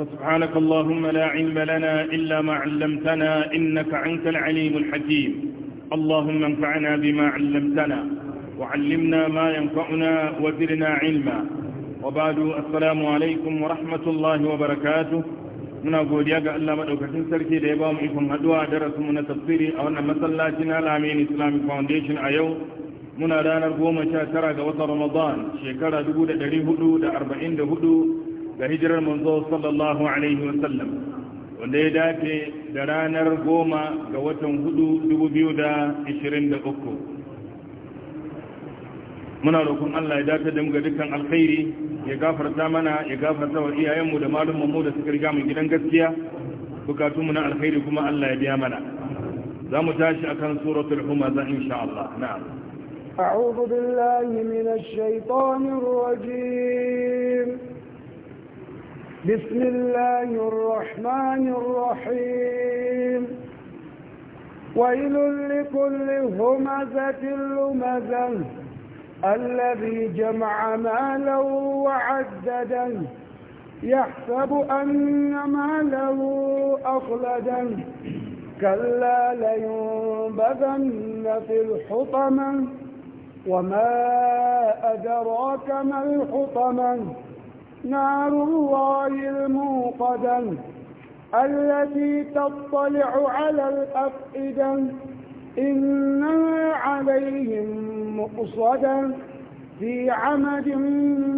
فسبحانك اللهم لا علم لنا إلا ما علمتنا إنك أنت العليم الحكيم اللهم انفعنا بما علمتنا وعلمنا ما ينفعنا وزرنا علما وبعد السلام عليكم ورحمة الله وبركاته muna godiya ga Allah madaukakin sarki da ya ba mu ikon haduwa da rasu mu na tafsiri a wannan masallaci na Lamin Islamic Foundation a yau muna ranar goma sha tara ga watan Ramadan shekara dubu da ɗari hudu da arba'in ga hijirar manzo sallallahu alaihi sallam wanda ya dace da ranar goma ga watan hudu dubu biyu da ishirin da uku muna roƙon Allah ya dace da mu ga dukkan alkhairi ya gafarta mana ya gafarta wa iyayenmu da malumanmu da suka riga mu gidan gaskiya bukatun mu na alkhairi kuma Allah ya biya mana za mu tashi akan suratul humaza insha Allah na'am أعوذ بالله من الشيطان الرجيم بسم الله الرحمن الرحيم ويل لكل همزة لمزة الذي جمع مالا وعددا يحسب أن ماله أخلدا كلا لينبذن في الحطمة وما أدراك ما الحطمة نار الله الموقدة التي تطلع على الأفئدة إنها عليهم مقصدا في عمد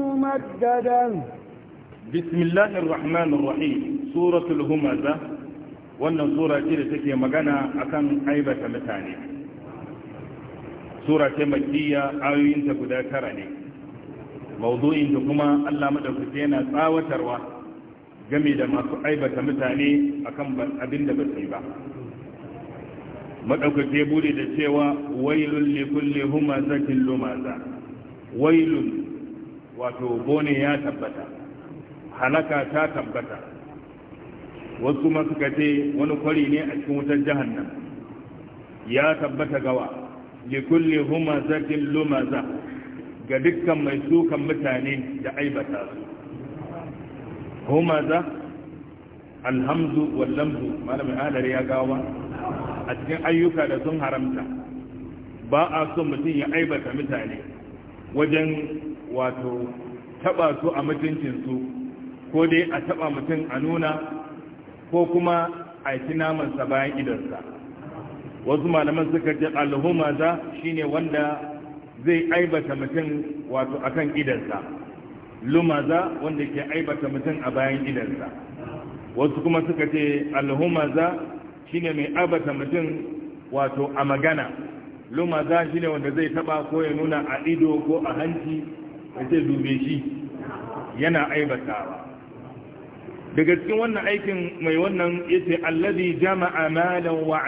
ممددا بسم الله الرحمن الرحيم سورة الهمزة وانا سورة ce da take عيبة akan سورة مجدية sura ce makiyya mawdu'in da kuma Allah madaukake yana tsawatarwa game da masu aibata mutane akan abin da basu yi ba madaukake bude da cewa wailul li kulli humazatin lumaza wailun wato bone ya tabbata halaka ta tabbata wasu masu kace wani kwari ne a cikin wutar jahannam ya tabbata gawa li kulli humazatin lumaza ga dukkan mai sukan mutane da aibata su homa za alhamdu wallamzu malamin adar ya gawa a cikin ayyuka da sun haramta ba a so mutum ya aibata mutane wajen wato taba su a mutuncinsu ko dai a taba mutum a nuna ko kuma a ci namansa bayan idansa wasu malaman suka ce alhumaza shine wanda zai aibata mutum wato akan idansa lumaza wanda ke aibata mutum a bayan idansa wasu kuma suka ce alhumaza shine mai aibata mutum wato a magana lumaza shine wanda zai taba ko ya nuna a ido ko a hanci ya ce dube shi yana aibatawa daga cikin wannan aikin mai wannan ya ce allazi jama'a malan wa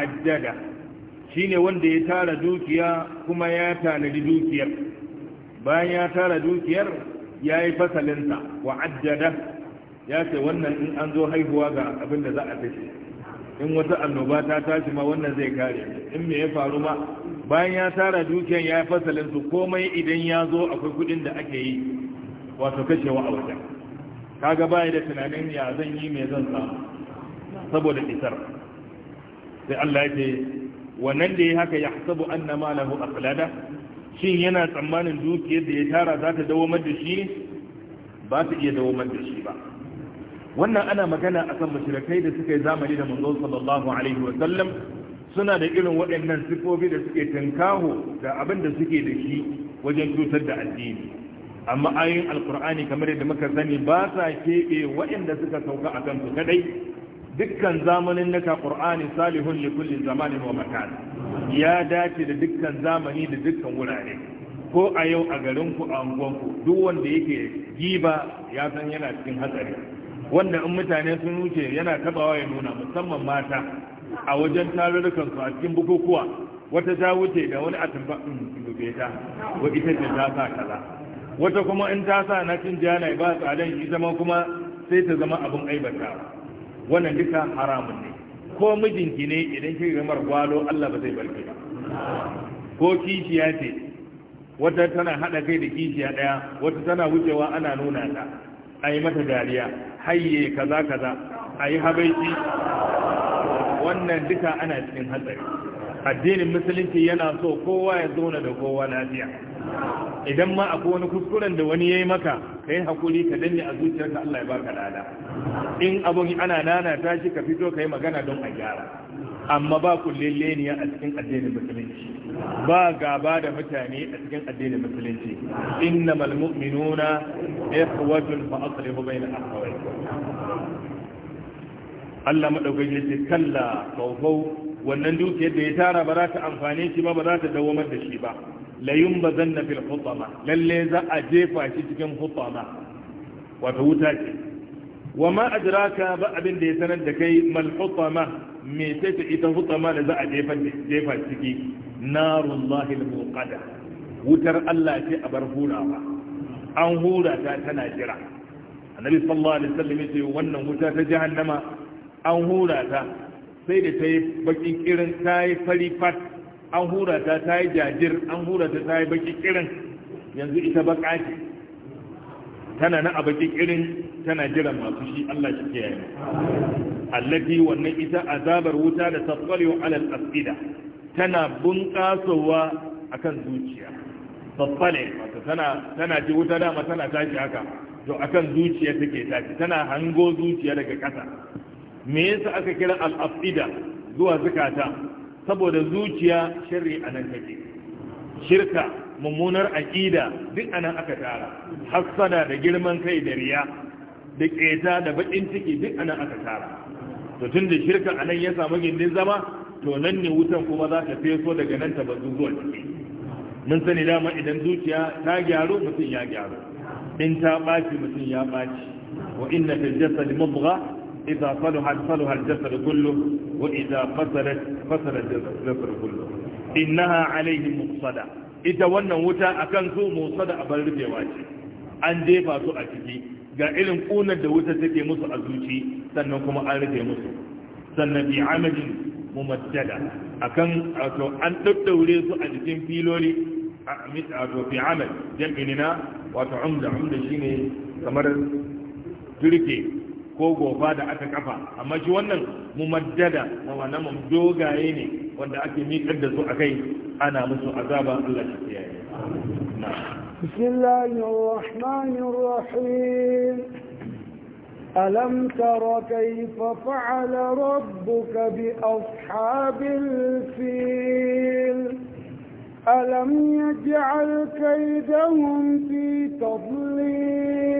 Shi ne wanda ya tara dukiya kuma ya tanadi dukiyar bayan ya tara dukiyar ya yi fasalinsa wa ajjada ya ce wannan in an zo haihuwa ga abin da za a kashe in wata annoba ta tashi ma wannan zai kare in me ya faru ma bayan ya tara dukiyar ya yi fasalinsu komai idan ya zo akwai kudin da ake yi wato kashewa a wajen kaga baya da tunanin ya zan yi mai zan samu saboda isar sai Allah ya ce wannan da ya haka ya hasabu anna malahu akhlada shin yana tsammanin dukiyar da ya tara za ta dawamar da shi ba ta iya dawamar da shi ba wannan ana magana a kan mashirakai da suka yi zamani da manzo sallallahu alaihi wa sallam suna da irin waɗannan sifofi da suke tankaho da abin da suke da shi wajen cutar da addini amma ayoyin alkur'ani kamar yadda muka sani ba sa keɓe waɗanda suka sauka a kansu kaɗai. dukkan zamanin naka qur'ani salihun li kulli zamanin wa makan ya dace da dukkan zamani da dukkan wurare ko a yau a garinku a unguwanku duk wanda yake giba ya san yana cikin hatsari wanda in mutane sun wuce yana tabawa ya nuna musamman mata a wajen su a cikin bukukuwa wata ta wuce da wani a tumba hmm, in ta ko ita ce ta sa kaza wata kuma in ta sa na cin jana ba tsadan ita ma kuma sai ta zama abin aibatawa wannan duka haramun ne ko mijinki ne idan kika gamar gwalo Allah ba zai barke ba ko kishiya ce wata tana hada kai da kishiya daya wata tana wucewa ana nuna ta ai mata dariya hayye kaza kaza yi habaici wannan duka ana cikin hatsari addinin musulunci yana so kowa ya zauna da kowa lafiya idan ma akwai wani kuskuren da wani ya yi maka ka yi haƙuri ka danne a zuciyarka Allah ya baka lada in abun ana nana ta shi ka fito ka yi magana don a gyara amma ba ne a cikin addinin musulunci ba gaba da mutane a cikin addinin musulunci innamal mu'minuna ikhwatun fa aslihu bayna akhawaykum Allah madaukaki ce kalla kawfau wannan dukiyar da ya tara ba za ta amfane shi ba ba za ta dawo da shi ba layun ba zanna fil hutama lalle za a jefa shi cikin hutama wata wuta ce wa ma ajraka ba abin da ya sanar da kai mal hutama me ce ita hutama da za a jefa jefa ciki narullahi al-muqada wutar Allah ce a bar hurawa an hura ta tana jira annabi sallallahu alaihi wasallam yace wannan wuta ta jahannama an hura ta sai da ta yi bakin irin ta yi fari fat an hura ta ta yi jajir an hura ta ta yi baki kirin yanzu ita baka ce tana na a baki kirin tana jiran masu shi Allah shi ke yayi allati wannan ita azabar wuta da tasqalu alal al-afida tana bunƙasowa akan zuciya tasqale wato tana tana ji wuta dama tana tashi haka to akan zuciya take tashi tana hango zuciya daga ƙasa me yasa aka kira al-afida zuwa zakata saboda zuciya shirri a nan take shirka mummunar aƙida duk a aka tara hassada da girman kai da riya da ƙeta da baƙin ciki duk a aka tara to tun shirka anan ya samu gindin zama to nan ne wutan kuma za ta feso daga nan ta bazu zuwa ciki mun sani dama idan zuciya ta gyaru mutum ya gyaru in ta ɓaci mutum ya ɓaci wa inna ta da إذا صلحت صلح الجسد كله وإذا فسدت فسد الجسد كله إنها عليهم مقصدة إذا ونن وتا أكن سو مقصدة أبرد يواجه أن ديفا سو أكتي ga irin ƙunar da wuta take musu a zuci sannan kuma an rufe musu sannan bi amajin mumaddada akan wato an daddaure su a jikin filoli wato fi amal jam'inina wato umda umda shine kamar turke ko gofa da aka kafa amma shi wannan mumaddada ma'ana mun dogaye ne wanda ake miƙar da su akai ana musu azaban Allah shi ya yi bismillahir rahmanir rahim alam tara kayfa fa'ala rabbuka bi ashabil fil alam yaj'al kaydahum fi tadlil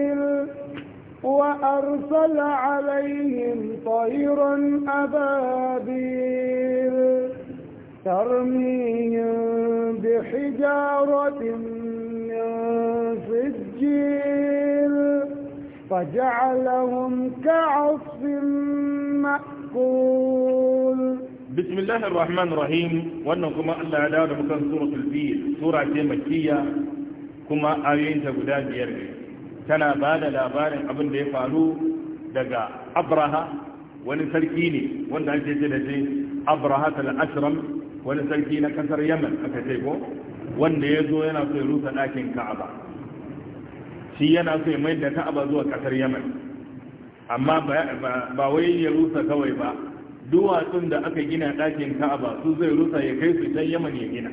وأرسل عليهم طيرا أبابيل ترميهم بحجارة من سجيل فجعلهم كعصف مأكول بسم الله الرحمن الرحيم وأنكم ألا أدار مكان سورة الفيل سورة مكية كما آيين تقدام يرغي tana ba da labarin abin da ya faru daga abraha wani sarki ne wanda ake ce da ce abraha ta ashram wani sarki na kasar yaman aka ce ko wanda ya zo yana so ya rusa ɗakin ka'aba shi yana so ya mayar da ka'aba zuwa kasar yaman amma ba wai ya rusa kawai ba duwatsun da aka gina ɗakin ka'aba su zai rusa ya kai su can yaman ya gina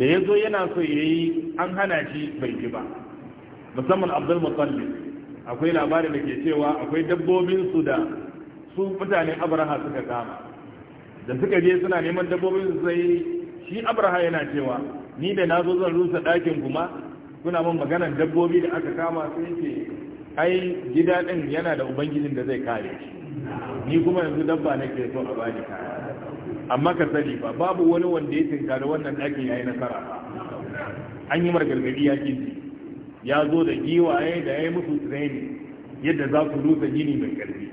da ya zo yana so ya yi an hana shi bai ji ba musamman abdul mutallib akwai labari da ke cewa akwai dabbobin su da su mutane abraha suka kama da suka je suna neman dabbobin su sai shi abraha yana cewa ni da na zo zan rusa ɗakin kuma kuna min maganan dabbobi da aka kama sai ce ai gida ɗin yana da ubangijin da zai kare shi ni kuma yanzu dabba nake so a bani kaya amma ka sani ba babu wani wanda ya tinkari wannan ɗakin ya yi nasara an yi margargadi ya kizi ya zo da giwaye da ya yi musu training yadda za ku rusa gini mai karfi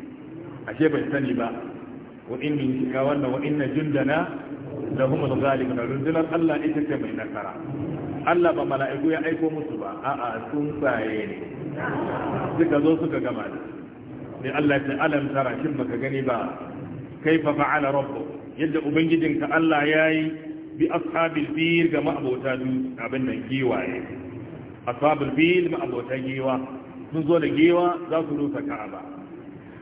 ashe bai sani ba wa inni shika wannan wa inna jundana da humul ghalib na rundunar Allah ita ce mai nasara Allah ba mala'iku ya aiko musu ba a'a sun tsaye ne suka zo suka gama da ne Allah ta alam tara shin baka gani ba kaifa fa'ala rabbuk yadda ubangijinka Allah yayi bi ashabil fil ga ma'abota abin nan giwaye ashabul bil ma abotan giwa sun zo da giwa za su rusa ka'aba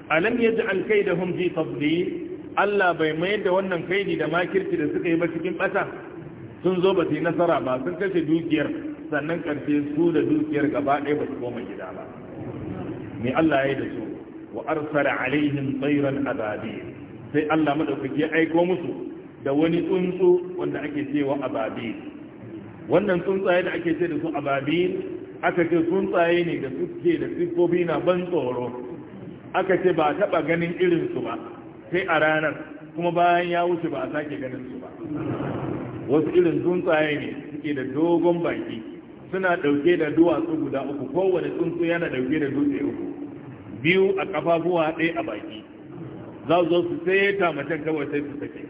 alam yaj'al kaidahum fi tadlil Allah bai mayar da wannan kaidi da makirci da suka yi ba cikin bata sun zo ba su yi nasara ba sun kashe dukiyar sannan karshe su da dukiyar gaba ɗaya ba su koma gida ba me Allah ya yi da su wa arsala alaihim tsairan azabi sai Allah madaukaki ya aiko musu da wani tsuntsu wanda ake cewa ababil wannan tsuntsaye da ake ce da su ababil aka ce tsuntsaye ne da suke da siffofi na ban tsoro aka ce ba taba ganin irinsu ba sai a ranar kuma bayan ya wuce ba a sake ganin su ba wasu irin tsuntsaye ne suke da dogon baki suna dauke da duwatsu guda uku kowane tsuntsu yana dauke da dutse uku biyu a kafafuwa ɗaya a baki za su zo su sai ta mace kawai sai su sake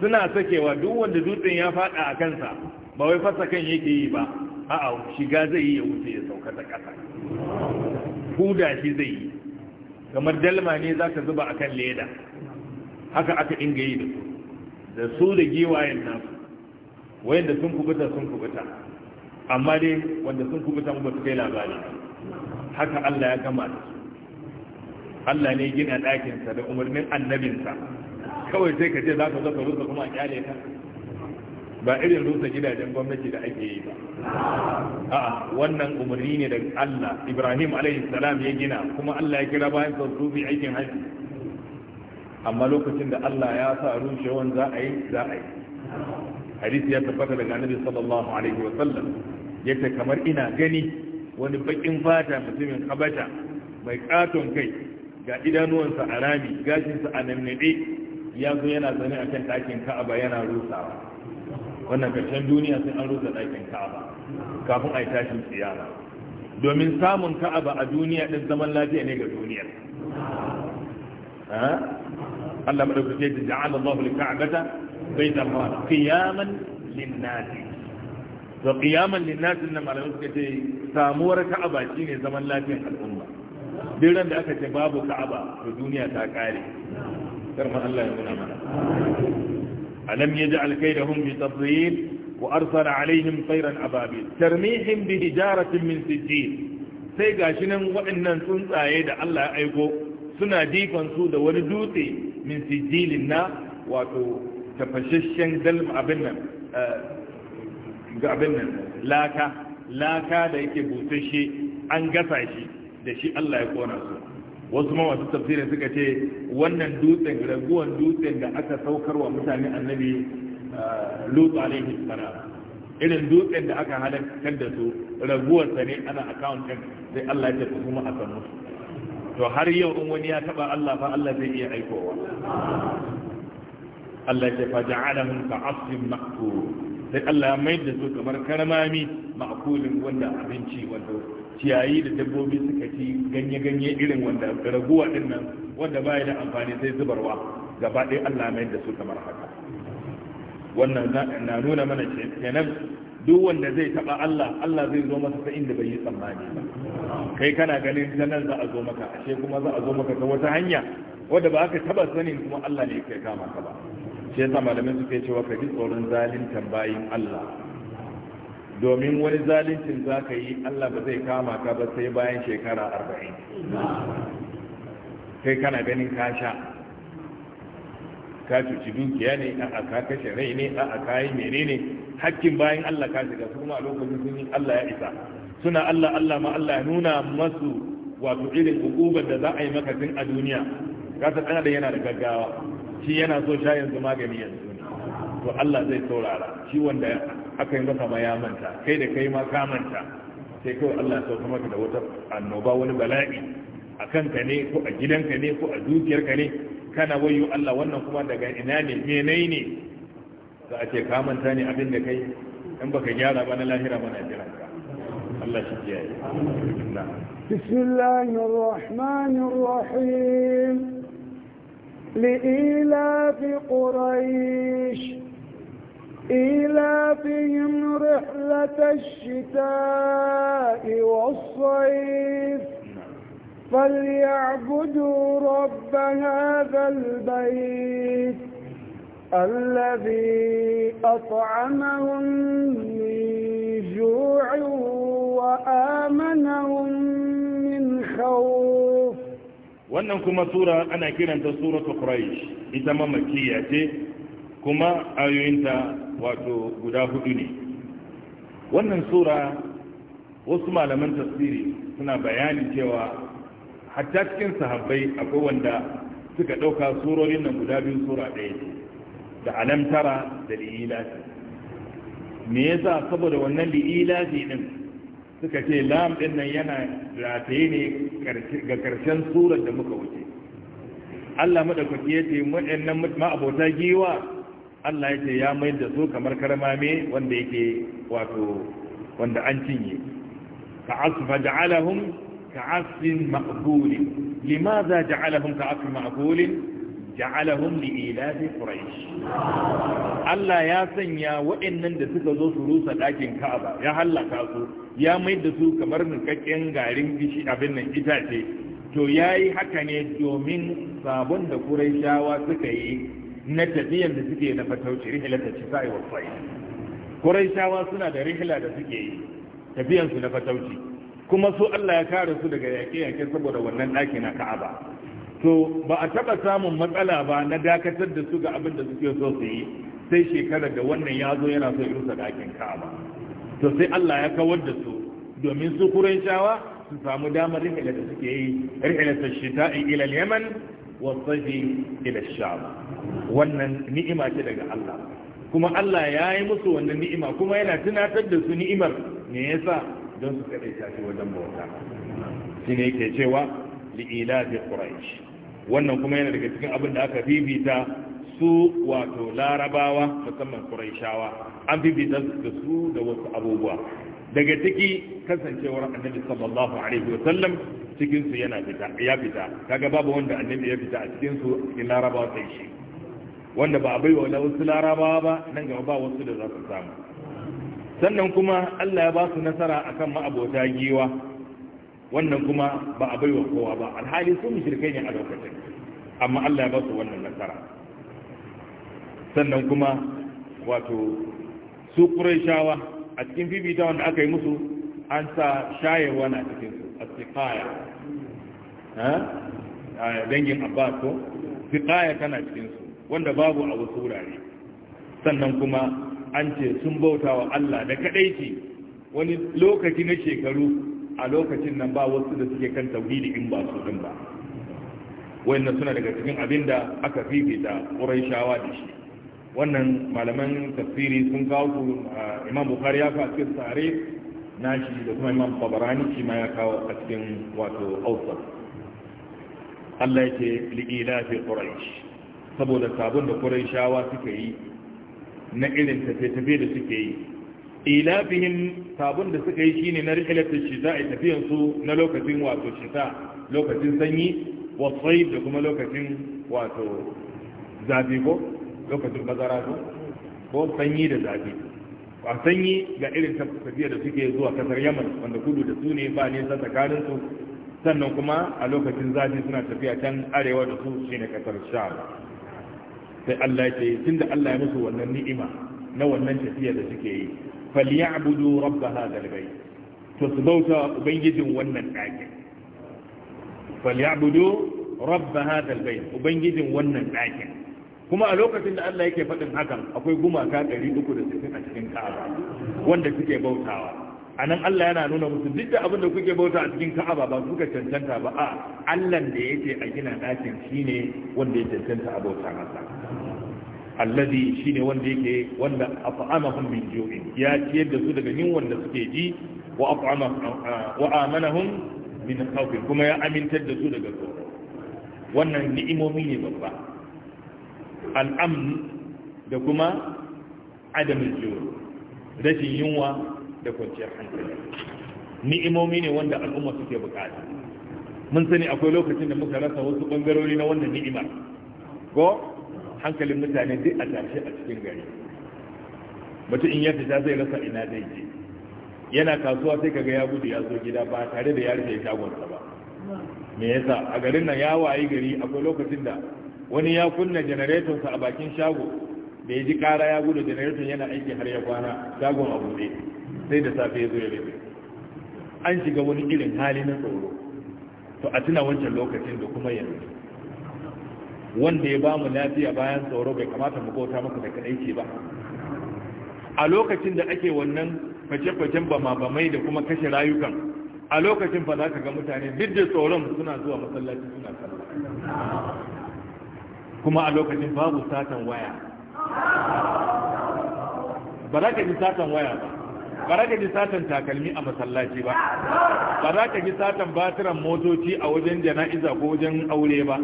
suna sakewa duk wanda dutsen ya faɗa a kansa ba wai fasa kan yake yi ba a'a shiga zai yi ya wuce ya sauka ta ƙasa huda shi zai yi kamar dalma ne za ka zuba a kan leda haka aka inga yi da su da su da giwayen nasu wayanda sun kubuta sun kubuta amma dai wanda sun kubuta ba su kai labari haka Allah ya gama da su Allah ne gina ɗakinsa da umarnin annabinsa kawai sai ka ce za ka zo rusa kuma a kyale ka ba irin rusa gidajen gwamnati da ake yi ba a'a wannan umarni ne daga Allah Ibrahim alaihi salam ya gina kuma Allah ya kira bayan sa aikin haji amma lokacin da Allah ya sa rushewan za a yi za a yi hadisi ya tabbata daga annabi sallallahu alaihi wa sallam yace kamar ina gani wani bakin fata mutumin Habata, mai katon kai ga idanuwansa a rami gashinsa a nannaɗe ya zo yana zane akan ɗakin ka'aba yana rusawa wannan karshen duniya sai an rusa ɗakin ka'aba kafin a yi tashin tsiyama domin samun ka'aba a duniya ɗin zaman lafiya ne ga duniyar Allah madaukake ta ja'ala Allah li ka'bata bai wa qiyaman lin-nas to ƙiyaman lin na nan malamin suka ce samuwar ka'aba shi ne zaman lafiyar al'umma duk ran da aka ce babu ka'aba to duniya ta ƙare. kar Allah ya nuna mana ألم يجعل كيدهم في تضليل وأرسل عليهم طيرا أبابيل ترميهم بحجارة من سجيل sai gashinan waɗannan tsuntsaye da Allah ya aiko suna jifan su da wani dutse min sijilin na wato tafashashen dalma abin nan ga abin nan laka laka da yake busasshe an gasa shi da shi Allah ya kona su wasu ma masu tafsirin suka ce wannan dutsen raguwan dutsen da aka saukarwa mutane annabi uh, lutu alaihi salam irin dutsen da aka halakar da su raguwarsa ne ana akawuntin sai Allah ya tafi kuma a san musu to har yau in wani ya taba Allah fa Allah zai iya aikowa Allah ya fa ja'alahum ka'asfin maqtur sai Allah ya mai da su kamar karamami ma'kulin wanda abinci wanda ciyayi da dabbobi suka ci ganye-ganye irin wanda raguwa din nan wanda ba da amfani sai zubarwa gaba ɗaya Allah mai da su kamar haka wannan na nuna mana kenan duk wanda zai taba Allah Allah zai zo masa ta inda bai yi tsammani ba kai kana ganin ta za a zo maka ashe kuma za a zo maka ta wata hanya wadda ba aka taba sanin kuma Allah ne ya kai kama ka ba shi yasa malamin suke cewa ka ji tsoron zaluntan bayin Allah domin wani zalincin za ka yi allah ba zai kama ka ba sai bayan shekara arba'in kai kana ganin kasha. ka cuci dukiya ne a ka kashe rai ne a ka yi menene hakkin bayan allah ka shiga su kuma a lokacin sun yi allah ya isa suna allah allah ma allah nuna masu wato irin hukubar da za a yi maka tun a duniya kasa ɗan da yana da gaggawa shi yana so sha yanzu magani yanzu to allah zai saurara shi wanda aka yi maka ma ya manta kai da kai ma ka manta sai kawai Allah ya sauka da wata annoba wani bala'i a kanka ne ko a gidanka ne ko a dukiyarka ne kana wayo Allah wannan kuma daga ina ne menai ne za a ce ka manta ne abin da kai in baka gyara ba na lahira mana jiran ka Allah shi kiyaye بسم الله الرحمن الرحيم لإيلاف إيلافهم رحلة الشتاء والصيف فليعبدوا رب هذا البيت الذي أطعمهم من جوع وآمنهم من خوف وأنكم سورة أنا كنت سورة قريش إذا ما ma kuma ayoyinta wato guda hudu ne wannan sura wasu malaman tasiri suna bayani cewa hatta cikin sahabbai akwai wanda suka ɗauka surorin nan guda biyu sura ɗaya ce da tara da li'ilafi me yasa saboda wannan li'ilafi din suka ce lam din nan yana rataye ne ga ƙarshen surar da muka wuce Allah madaukaki ya ce ma'abota giwa Allah ya ce ya mai da su kamar karmame wanda yake wato wanda an cinye ka asfa ja'alahum ka asfin ma'kulin limaza ja'alahum ka asfin ma'kulin ja'alahum li ilafi quraish Allah ya sanya waɗannan da suka zo su rusa dakin Ka'aba ya halaka su ya mai da su kamar nukakken garin bishi abin nan itace to ya yi haka ne domin sabon da Qurayshawa suka yi na tafiyan da suke na fatauci rihila ta ci sa'i wa sa'i Qurayshawa suna da rihila da suke yi tafiyan na fatauci kuma su Allah ya kare su daga yaƙe-yaƙe saboda wannan ɗaki na Ka'aba to ba a taɓa samun matsala ba na dakatar da su ga abin da suke so su yi sai shekarar da wannan ya zo yana so ya rusa ɗakin Ka'aba to sai Allah ya kawar da su domin su Qurayshawa su samu damar rihila da suke yi ta shita'i ila Yaman wasafi ila sham wannan ni'ima ce daga Allah kuma Allah ya yi musu wannan ni'ima kuma yana tunatar da su ni'imar me yasa don su ta tafi wajen bauta shine ne yake cewa li'ila bi quraish wannan kuma yana daga cikin abin da aka bibita su wato larabawa musamman quraishawa an bibita su su da wasu abubuwa daga ciki kasancewar annabi sallallahu alaihi wa sallam cikin su yana fita ya fita kaga babu wanda annabi ya fita a cikin su cikin laraba ta shi wanda ba a bai wa wasu larabawa ba nan gaba ba wasu da za su samu sannan kuma Allah ya ba su nasara akan ma'abota giwa wannan kuma ba a bai wa kowa ba alhali su mushrikai ne a lokacin amma Allah ya ba su wannan nasara sannan kuma wato su Qurayshawa a cikin bibita wanda aka yi musu an sa shayarwa na cikin su a tsikaya a dangin abbas ko tana cikin su wanda babu a wasu wurare sannan kuma an ce sun bauta wa Allah da ce wani lokaci na shekaru a lokacin nan ba wasu da suke kan tauhidi in ba su din ba wayanna suna daga cikin abinda aka fifita shawa da shi wannan malaman tafsiri sun kawo su imam bukhari ya kawo cikin cikin na shi da kuma imam babarani shi ma ya kawo a cikin wato ausar Allah yake li'ila fi quraish saboda sabon da quraishawa suka yi na irin tafe-tafe da suke yi ilafihim sabon da suka yi shine na shi, shita a tafiyan su na lokacin wato shita lokacin sanyi wasai da kuma lokacin wato zafi ko lokacin bazara su ko sanyi da zafi a sanyi ga irin tafiya da suke zuwa kasar yaman wanda kudu da su ne ba nisa tsakanin su sannan kuma a lokacin zafi suna tafiya can arewa da su shi ne kasar sham sai Allah ya tun da Allah ya musu wannan ni'ima na wannan tafiya da suke yi falyabudu rabb hadha albayt to su bauta ubangijin wannan ɗakin falyabudu rabb hadha albayt ubangijin wannan ɗakin kuma a lokacin da Allah yake faɗin hakan akwai gumaka 360 a cikin Ka'aba wanda suke bautawa anan Allah yana nuna musu duk da abin da kuke bauta a cikin Ka'aba ba kuka cancanta ba a Allah da yake a gina ɗakin shine wanda ya cancanta a bauta masa alladhi shine wanda yake wanda af'amahum min ju'in ya ciyar da su daga yunwan da suke ji wa af'amahum ah, wa amanahum min khawfin kuma ya amintar da su daga tsoro wannan ni'imomi ne babba al’amnu da kuma adamin jiwo rashin yunwa da kwanciyar hankali ni'imomi ne wanda al'umma suke bukata mun sani akwai lokacin da muka rasa wasu bangarori na wannan ni'ima ko hankalin mutane duk a tashe a cikin gari mutum in ya fita zai rasa ina zai je yana kasuwa sai kaga ya gudu ya zo gida ba tare da ya rufe shagonsa ba me yasa a garin nan ya wayi gari akwai lokacin da wani ya kunna sa a bakin shago da ya ji kara ya gudu janareton yana aiki har ya kwana shagon a buɗe sai da safe ya zo ya rufe an shiga wani irin hali na tsoro to a tuna wancan lokacin da kuma yanzu wanda ya bamu lafiya bayan tsoro bai kamata mu bauta maka da kadaici ba a lokacin da ake wannan face fashen bama-bamai da kuma kashe rayukan a lokacin fa za ka ga mutane duk da tsoron suna zuwa masallaci suna sallah kuma a lokacin babu satan waya ba za ka ji satan waya ba ba za ka ji satan takalmi a masallaci ba ba za ka ji satan batiran motoci a wajen jana'iza ko wajen aure ba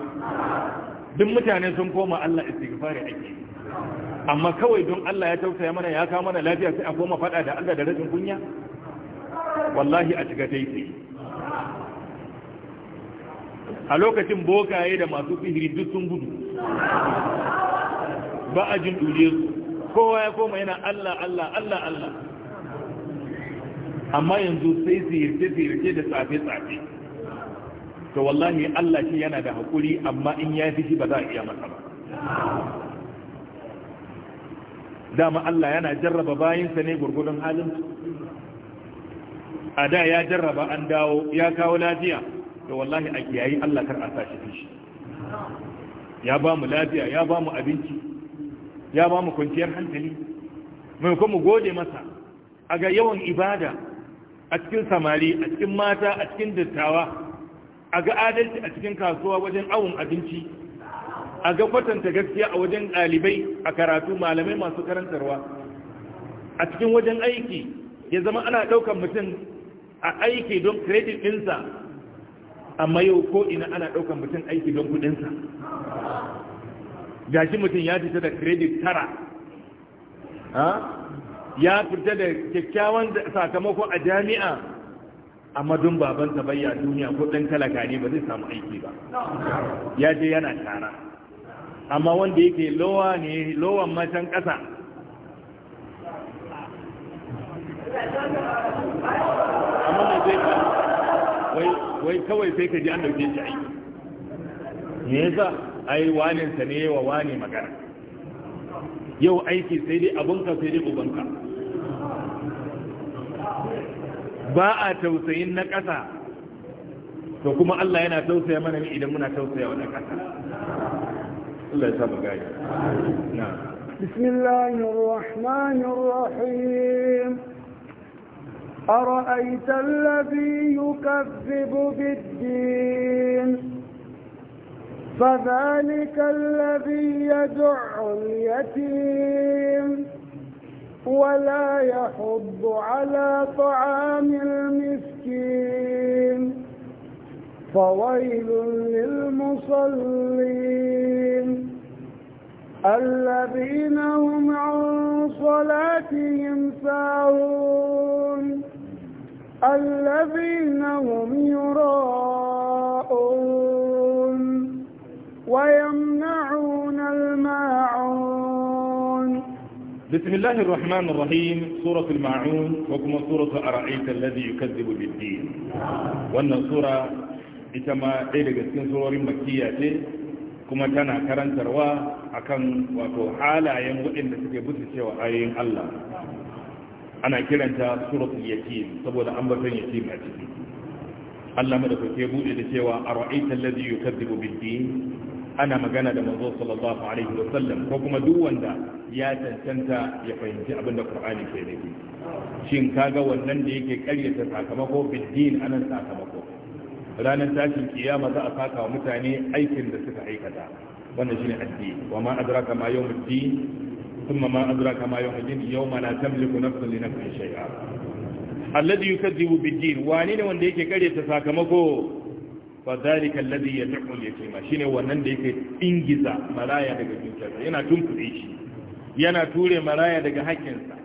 duk mutane sun koma Allah istighfari ake amma kawai don Allah ya tausaya mana ya kawo mana lafiya sai a koma fada da Allah da rashin kunya wallahi a shiga daidai a lokacin bokaye da masu sihiri duk sun gudu ba a jin dule su kowa ya koma yana Allah Allah Allah Allah amma yanzu sai sihirce sihirce da tsafe tsafe to wallahi Allah shi yana da hakuri amma in ya fi shi ba za a iya masa ba dama Allah yana jarraba bayinsa ne gurgudun halin a da ya jarraba an dawo ya kawo lafiya to wallahi a kiyayi Allah kar a sa shi shi ya ba mu lafiya ya ba mu abinci ya ba mu kwanciyar hankali mai kuma gode masa a ga yawan ibada a cikin samari a cikin mata a cikin dattawa a ga adalci a cikin kasuwa wajen awon abinci a ga kwatanta gaskiya a wajen ɗalibai a karatu malamai masu karantarwa a cikin wajen aiki ya zama ana ɗaukar mutum a aiki don kredit ɗinsa amma yau ko ina ana ɗaukan mutum aiki don kuɗinsa gashi mutum ya fita da kredit tara ya fita da kyakkyawan sakamako a jami'a amma don babansa bayya duniya ko ɗan talaka ne ba zai samu aiki ba ya je yana tara amma wanda yake lowa ne lowan matan ƙasa amma mai wai kawai sai ka ji an dauke shi aiki me yasa ai wani sa ne wa wani magana yau aiki sai dai abunka sai dai ubanka ba a tausayin na ƙasa to kuma Allah yana tausaya mana ne idan muna tausaya wa na ƙasa Allah ya saba gani na بسم الله الرحمن الرحيم أرأيت الذي يكذب بالدين فذلك الذي يدع اليتيم ولا يحض على طعام المسكين فويل للمصلين الذين هم عن صلاتهم ساهون الذين هم يراءون ويمنعون الماعون بسم الله الرحمن الرحيم سورة الماعون وكما سورة أرأيت الذي يكذب بالدين وأن سورة إتما إلغة سورة مكية كان tana karantarwa akan وكو حالا waɗanda suke butucewa ayoyin الله ana kiranta suratul yatim saboda an ambaton yatim a ciki Allah madaukake bude da cewa ara'aita allazi yukadzibu bid-din ana magana da manzo sallallahu alaihi wa sallam ko kuma duk wanda ya tantanta ya fahimci abin da Qur'ani ke nufi shin kaga wannan da yake karyata sakamako bid-din anan sakamako ranar tashin kiyama za a saka wa mutane aikin da suka aikata wannan shine addini wa ma adraka ma ثم ما أدرك ما يوم الدين يوم لا تملك نفس لنفس شيئا الذي يكذب بالدين وانين وان ديك كاري تساكمكو فذلك الذي يدعو اليتيم شنو wannan da yake ingiza maraya daga dukiyarsa yana tunkure shi yana ture maraya daga hakkinsa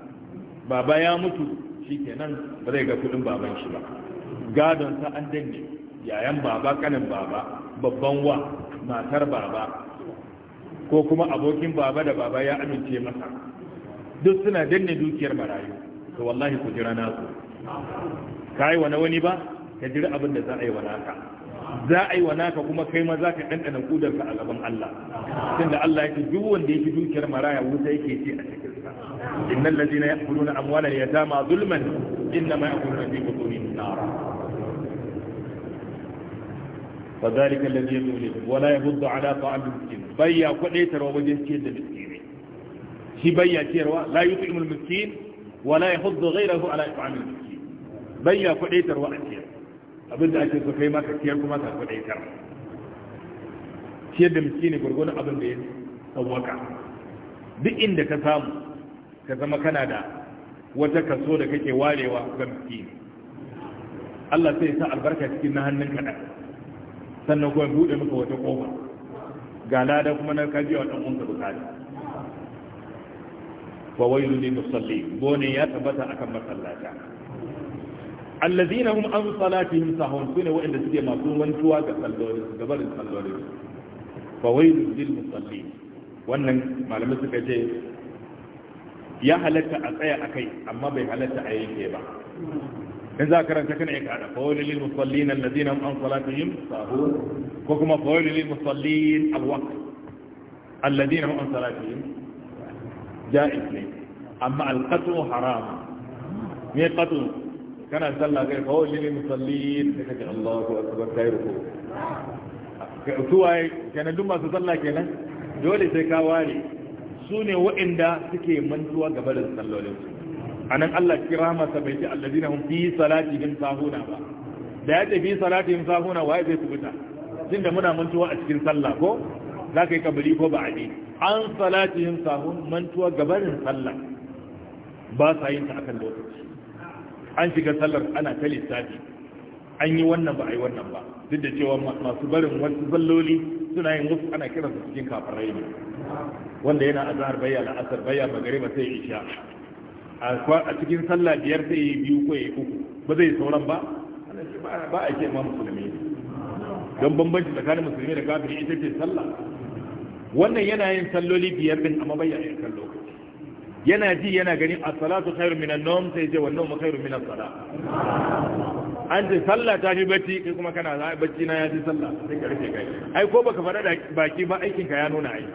baba ya mutu shikenan ba zai ga kuɗin baban shi ba gadon sa an danne yayan baba kanin baba babban wa matar baba ko kuma abokin baba da baba ya amince masa duk suna danne dukiyar marayu to wallahi ku jira na su. ka yi wani wani ba ka jira abin da za a yi wa naka za a yi wa naka kuma kai ma za ka ɗanɗana kudarka a gaban Allah da Allah ya ce duk wanda yake dukiyar maraya wuta yake ce a cikin sa innal ladina ya'kuluna amwalal yatama zulman innama ya'kuluna fi butunihim nara فذلك الذي يدعو ولا يبض على طعام المسكين bayya kwadaitarwa wajen ciyar da miskinai shi bayya ciyarwa la yut'imul miskin wa la yahuddu ghayrahu ala it'amil miskin bayya kwadaitarwa a ciyar abinda ake so kai ma ka ciyar kuma ka kwadaitar ciyar da miskini gurgurdan abin da ya tsawaka duk inda ka samu ka zama kana da wata kaso da kake warewa ga miskini Allah sai ya sa albarka cikin na hannun kaɗan sannan kuma buɗe maka wata ƙofa ga lada kuma na kaji wa dan uwanka bukata wa wailu lil musallin bone ya tabbata akan masallata allazina hum an salatihim sahun sune wa'anda suke masu wantuwa ga salloli ga barin salloli fa wailu lil musallin wannan malamai suka ce ya halatta a tsaya akai amma bai halatta a yanke ba in za ka karanta kana ya kada lil musallin alladhina hum an salatihim sahun ko kuma fawailu lil musallin alwaqt alladhina hum an salatihim jaiz ne amma haram kana sallah kai fawailu lil musallin sai kace Allahu akbar kai ruku suwaye kana duk masu sallah kenan dole sai ka ware su ne waɗanda suke mantuwa gaba da sallolinsu anan Allah kira masa bai ce alladina hum fi salatihim sahuna ba da ya ce fi salatihim sahuna waye zai kubuta da muna mantuwa a cikin sallah ko za ka yi kabari ko ba ne an salatihim sahun mantuwa gabarin sallah ba sa yin ta akan lokaci an shiga sallar ana ta lissafi an yi wannan ba a yi wannan ba duk da cewa masu barin wasu zalloli suna yin wasu ana kiransu cikin kafarai ne wanda yana azhar bayya la'asar bayya magariba sai isha a cikin sallah biyar sai ya yi biyu ko ya yi uku ba zai sauran ba ba a ce ma musulmi don bambanci tsakanin musulmi da kafiri ita ce sallah wannan yana yin salloli biyar din amma bayan yin sallo yana ji yana gani a salatu khairu minan nawm sai ce wannan ma khairu minan sala an ce sallah ta fi bacci kai kuma kana za bacci na ya ji sallah sai ka rufe kai ai ko baka faɗa baki ba aikin ka ya nuna ai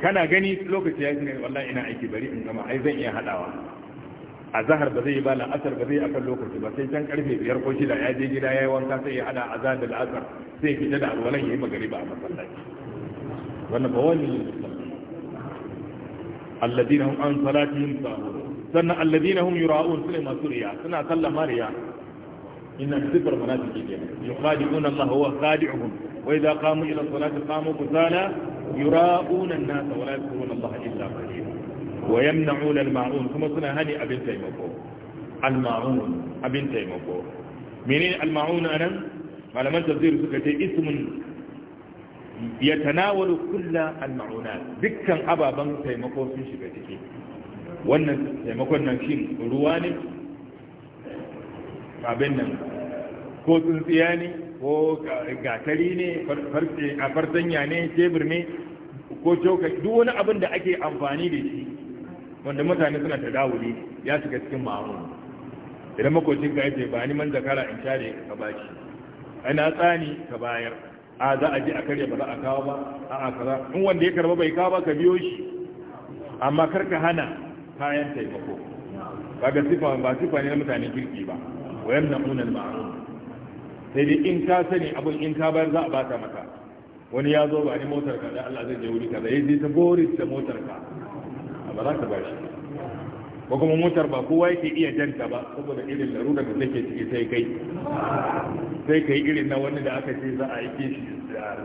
kana gani lokaci ya gina wallahi ina aiki bari in gama ai zan iya hadawa a zahar ba zai yi ba la'asar ba zai akan lokaci ba sai can karfe biyar ko shida ya je gida ya yi wanka sai ya hada a zahar da la'asar sai fita da alwalan ya yi magari ba a masallaci wannan ba wani alladina hum an salatihim sahur sannan alladina hum yura'un sune masu riya suna sallama riya inna sifar munafiki kenan yuqadi'una Allah wa khadi'uhum wa idza qamu ila salati qamu kusala yura'una an-nasa wa la yadhkuruna Allah illa qalila wa yamna'una al kuma suna hani abin taimako al-ma'un abin taimako menene al-ma'un anan malaman tafsir suka ce ismun yatanawalu kulla al-ma'unat dukkan ababan taimako sun shiga ciki wannan taimakon nan ruwa ne abin nan ko tsuntsiya ne ko gatari ne a fartanya ne tebur ne ko coka duk wani abin da ake amfani da shi wanda mutane suna ta dawuri ya shiga cikin ma'amun idan makocin ka yace ba ni man zakara in share ka bashi ana tsani ka bayar a za a ji a karya ba za a kawo ba a a kaza in wanda ya karba bai kawo ba ka biyo shi amma kar ka hana kayan taimako Ba ga sifa ba sifa ne na mutanen kirki ba wayan na'unan ma'amun sai dai in ka sani abin in ka bayar za a bata maka wani ya zo ba ni motar ka da Allah zai je wuri kaza yayi ta boris da motar ka ba za ka bashi ko kuma motar ba kowa yake iya janta ba saboda irin larura da take ciki sai kai sai kai irin na wani da aka ce za a yi shi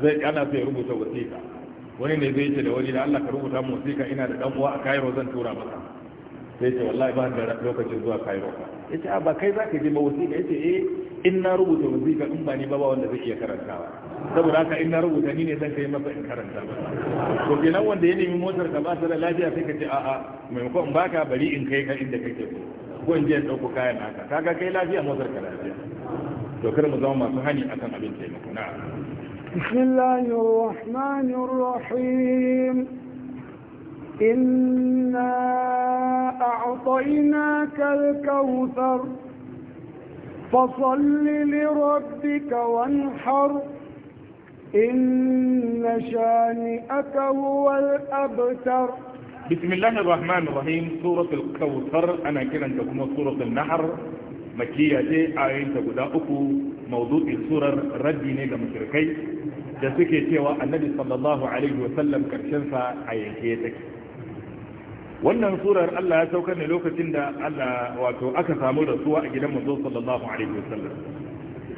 zai ana sai rubuta wasiƙa wani ne zai ce da wani da Allah ka rubuta mu wasiƙa ina da dan uwa a Cairo zan tura maka sai ce wallahi ba da lokacin zuwa Cairo ka yace a ba kai za ka je ba wasiƙa yace eh in na rubuta wasiƙa in ba ni ba wanda zai iya karantawa saboda haka in na rubuta ni ne zan kai masa in karanta ba to kenan wanda ya nemi motar ka ba ta da lafiya sai ka ce a'a maimakon baka bari in kai ka inda kake ko in je in ɗauko kayan haka kaga kai lafiya motar ka lafiya to kar mu zama masu hani akan abin taimako na'am بسم الله الرحمن الرحيم إنا أعطيناك الكوثر فصل لربك وانحر إن شانئك هو الأبتر بسم الله الرحمن الرحيم سورة الكوثر أنا كنا أنت سورة النحر مكية دي آيين أكو موضوع السورة ردي نيجا مشركي جسكي تيوى النبي صلى الله عليه وسلم karshensa a yanke wannan surar Allah ya saukar ne lokacin da Allah wato aka samu rasuwa a gidan manzo sallallahu alaihi wasallam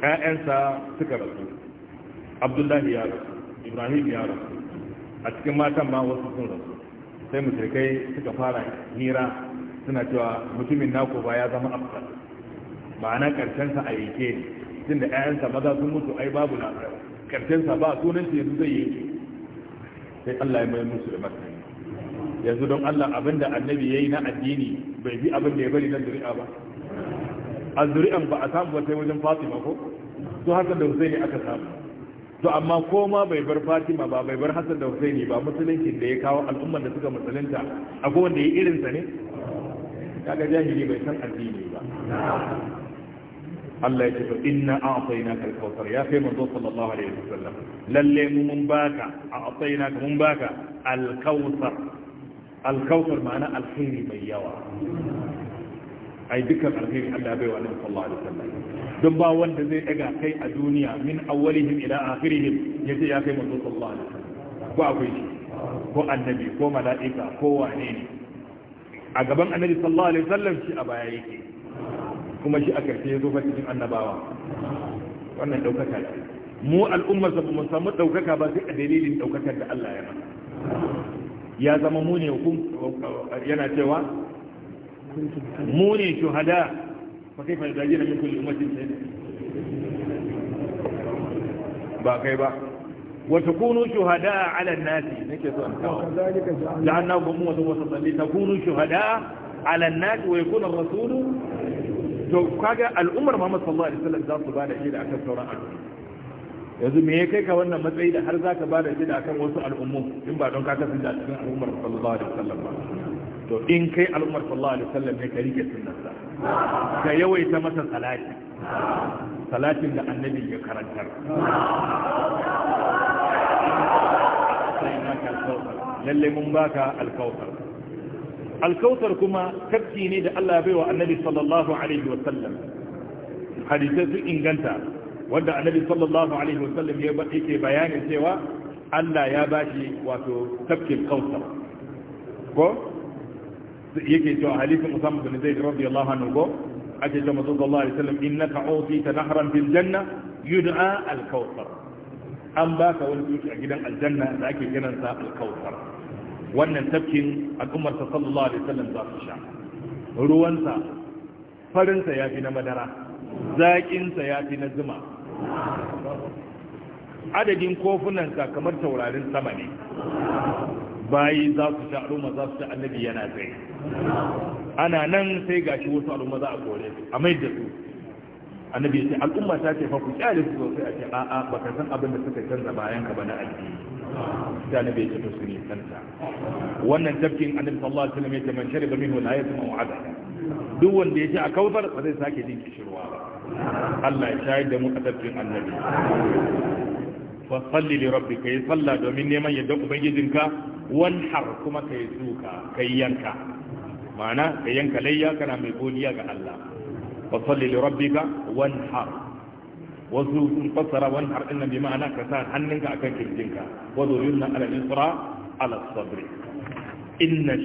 ƴaƴansa suka rasu Abdullahi ya rasu Ibrahim ya rasu a cikin matan ma wasu sun rasu sai mushrikai suka fara hira suna cewa mutumin nako ba ya zama afsal ma'ana karshen sa a yake ne tun da ƴaƴansa maza sun mutu ai babu na karshen sa ba sunan shi yanzu zai yake sai Allah ya mai musu da martani yanzu don Allah abin da annabi ya yi na addini bai bi abin da ya bari na zuri'a ba a zuri'an ba a samu ba sai wajen fatima ko to hasan da husaini aka samu to amma ko ma bai bar fatima ba bai bar hasan da husaini ba musulunci da ya kawo al'umman da suka musulunta akwai wanda ya yi irinsa ne kaga jahili bai san addini ba Allah ya ce to inna a'tainaka al-kautsar ya kai manzo sallallahu alaihi wasallam lalle mu mun baka a'tainaka mun baka al-kautsar alkawfar ma'ana alkhairi mai yawa ai dukkan alkhairi Allah bai wa Annabi sallallahu alaihi wasallam don ba wanda zai daga kai a duniya min awwalihim ila akhirihim yace ya kai manzo sallallahu alaihi wasallam ko akwai shi ko annabi ko mala'ika ko wane ne a gaban annabi sallallahu alaihi wasallam shi a baya yake kuma shi a karshe ya zo fa cikin annabawa wannan daukaka ce mu al'ummar sa mu samu daukaka ba sai a dalilin daukakar da Allah ya mana ya zama mune yana cewa mune shuhada ba kai da mutum ummatin sai ba kai ba wa takunu shuhada ala an-nas nake so kazalika ja'alna gum wa wasa salli shuhada ala an-nas to kaga al-umar Muhammad sallallahu alaihi wasallam za su ba da shi da sauran al yanzu me ya kai ka wannan matsayi da har zaka ba da shi da kan wasu al'ummu in ba don ka kasance da cikin al'ummar sallallahu alaihi wasallam ba to in kai al'ummar sallallahu alaihi wasallam ne ka rike sunnarsa ka yawaita masa salati salatin da annabi ya karantar lallai mun baka alkautar alkautar kuma tafki ne da Allah ya baiwa annabi sallallahu alaihi wasallam hadisai su inganta wanda annabi sallallahu alaihi wasallam ya ke bayanin cewa Allah ya bashi wato tafkin kautsar ko yake cewa halifin musamman bin zaid radiyallahu anhu ko ake da manzo sallallahu alaihi wasallam innaka utita nahran fil janna yud'a al kautsar an ba ka wani dutse a gidan aljanna da ake sa al kautsar wannan tafkin al'ummar sallallahu alaihi wasallam za su sha ruwansa farinsa ya fi na madara zaƙinsa ya fi na zuma adadin kofunansa kamar taurarin sama ne bayi za su sha aluma za su sha annabi yana tsaye ana nan sai gashi wasu aluma za a kore a mai da su annabi sai al'umma ta ce fa ku kyale su sosai a ce a'a ka san abin da suka canza bayan ka ba na addini sai annabi ya ce su ne kanta wannan tafkin annabi sallallahu alaihi wasallam ya ce man shariba minhu la yasma'u adada duk wanda ya ce a kautar ba zai sake jin kishirwa ba Allah ya shayar da mu a tafsirin annabi fa salli li ka yi salla domin neman yadda ubangijinka har kuma kai suka kai yanka ma'ana kai yanka layya kana mai godiya ga Allah fa salli li rabbika har wasu sun fassara wanhar har nan bi ma'ana ka sa hannunka akan kirjinka wa dhurunna ala al-isra ala sabri inna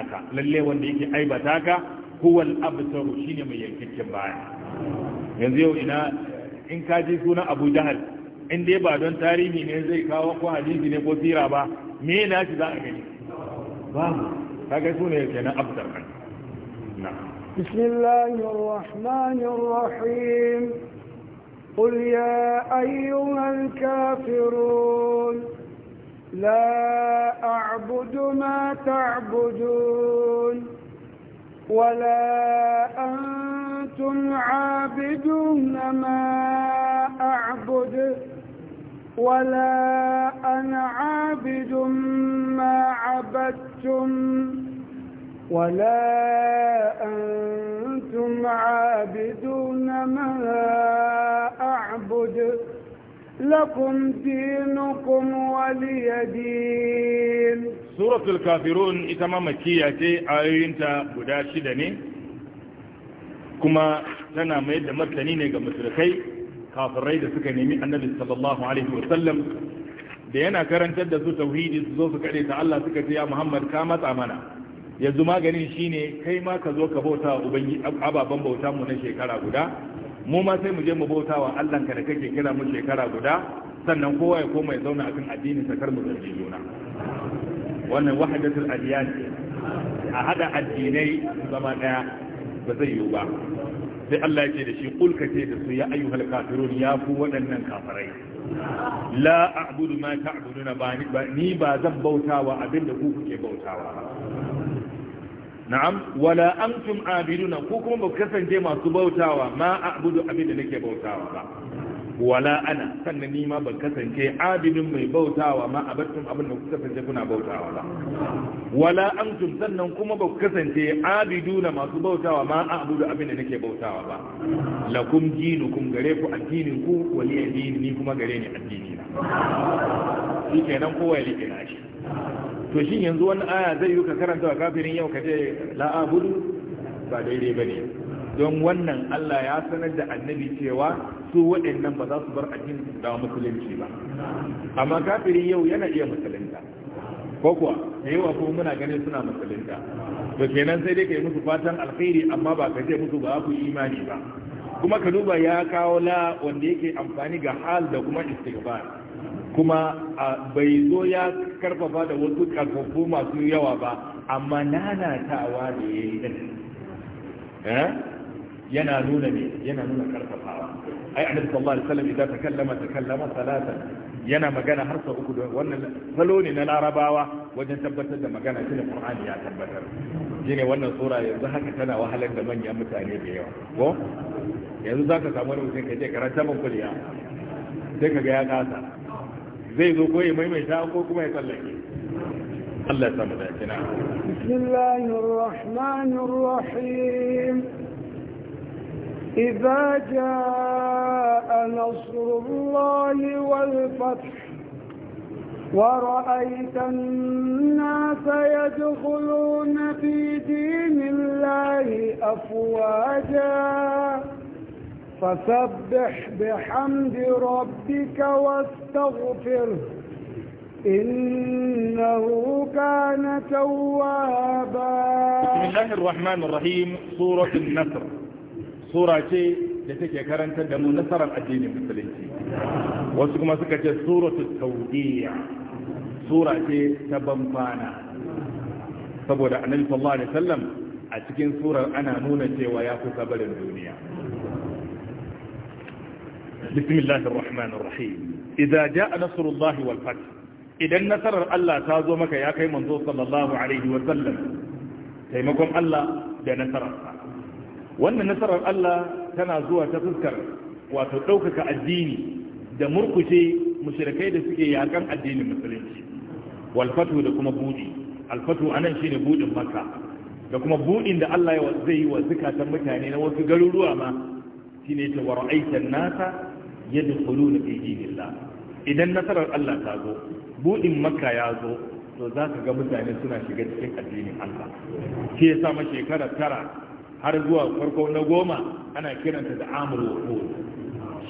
aka. lalle wanda yake aibata ka huwa al-abtaru shine mai yankin baya yanzu yau ina in ka ji sunan abu jahal inda ya ba don tarihi ne zai kawo ko hadisi ne ko sira ba me na shi za a gani ba babu kaga su ne kenan abdar kan na بسم الله الرحمن الرحيم قل يا أيها الكافرون لا أعبد ما تعبدون ولا أنتم عابدون ما أعبد ولا أنا عابد ما عبدتم ولا أنتم عابدون ما أعبد لكم دينكم ولي دين سورة الكافرون إتمام مكية آيين تبدا kuma tana mai da martani ne ga musulkai kafirai da suka nemi annabi sallallahu alaihi wa sallam da yana karantar da su tauhidi su zo su kade ta Allah suka ce ya Muhammad ka matsa mana yanzu maganin shine kai ma ka zo ka bauta ubangi ababan bauta mu na shekara guda mu ma sai mu je mu bauta wa Allah ka da kake kira mu shekara guda sannan kowa ya koma ya zauna akan addini kar mu zargi juna wannan wahdatul adiyan a hada addinai zama daya ba zai yiwu ba sai Allah ya ce da shi kulka ce da su ya ayyuhal kafirun ya ku waɗannan kafirai la a'budu ma ta'buduna ba ni ba zan bautawa abinda ku kuke bautawa na'am wala antum abiduna ku kuma ba kasance masu bautawa ma a'budu abinda nake bautawa ba wala ana sannan ni ma ban kasance abinin mai bautawa ma abattum abin da ku kasance kuna bautawa ba wala antum sannan kuma ba ku kasance abiduna masu bautawa ma a abudu abin da nake bautawa ba lakum dinukum gare ku addinin ku wali addini ni kuma gare ni addini na shi kenan kowa ya liƙe na shi to shin yanzu wani aya zai yi ka karanta wa kafirin yau ka ce la abudu ba daidai bane don wannan Allah ya sanar da annabi cewa su waɗannan ba za su bar addini da musulunci ba amma kafiri yau yana iya musulunta ko kuwa da yawa ko muna ganin suna musulunta to kenan sai dai kai musu fatan alkhairi amma ba ka ce musu ba ku imani ba kuma ka duba ya kawo la wanda yake amfani ga hal da kuma istighfar kuma bai zo ya karfafa da wasu karfafu masu yawa ba amma nanatawa da ya yi yana nuna ne yana nuna karfafawa ai annabi sallallahu alaihi wasallam idan takallama takallama salatan yana magana har sau uku wannan salo ne na larabawa wajen tabbatar da magana shine qur'ani ya tabbatar shine wannan sura yanzu haka tana wahalar da manyan mutane da yawa ko yanzu zaka samu wani mutum kaje karanta man kuliya sai kaga ya kasa zai zo ko ya maimaita ko kuma ya tsallake Allah ya samu da kina Bismillahir Rahmanir Rahim إذا جاء نصر الله والفتح ورأيت الناس يدخلون في دين الله أفواجا فسبح بحمد ربك واستغفره إنه كان توابا بسم الله الرحمن الرحيم سورة النصر sura ce da take karantar da mu nasarar addinin musulunci wasu kuma suka ce suratu tawdiya sura ce ta banfana saboda annabi sallallahu alaihi wasallam a cikin surar ana nuna cewa ya kusa barin duniya bismillahir rahmanir rahim idza jaa nasrullahi wal fath idan nasarar Allah ta zo maka ya kai manzo sallallahu alaihi wasallam taimakon Allah da nasararsa wannan nasarar Allah tana zuwa ta fuskar wato ɗaukaka addini da murkushe mushrikai da suke yakan addinin musulunci walfatu da kuma buɗi alfatu anan shine buɗin makka da kuma buɗin da Allah zai yi wa zukatan mutane na wasu garuruwa ma shine ta wa ra'aitan nasa yadkhuluna fi dinillah idan nasarar Allah ta zo buɗin makka ya zo to za ka ga mutane suna shiga cikin addinin Allah shi yasa ma shekara tara har zuwa farko na goma ana kiranta da amur wuhud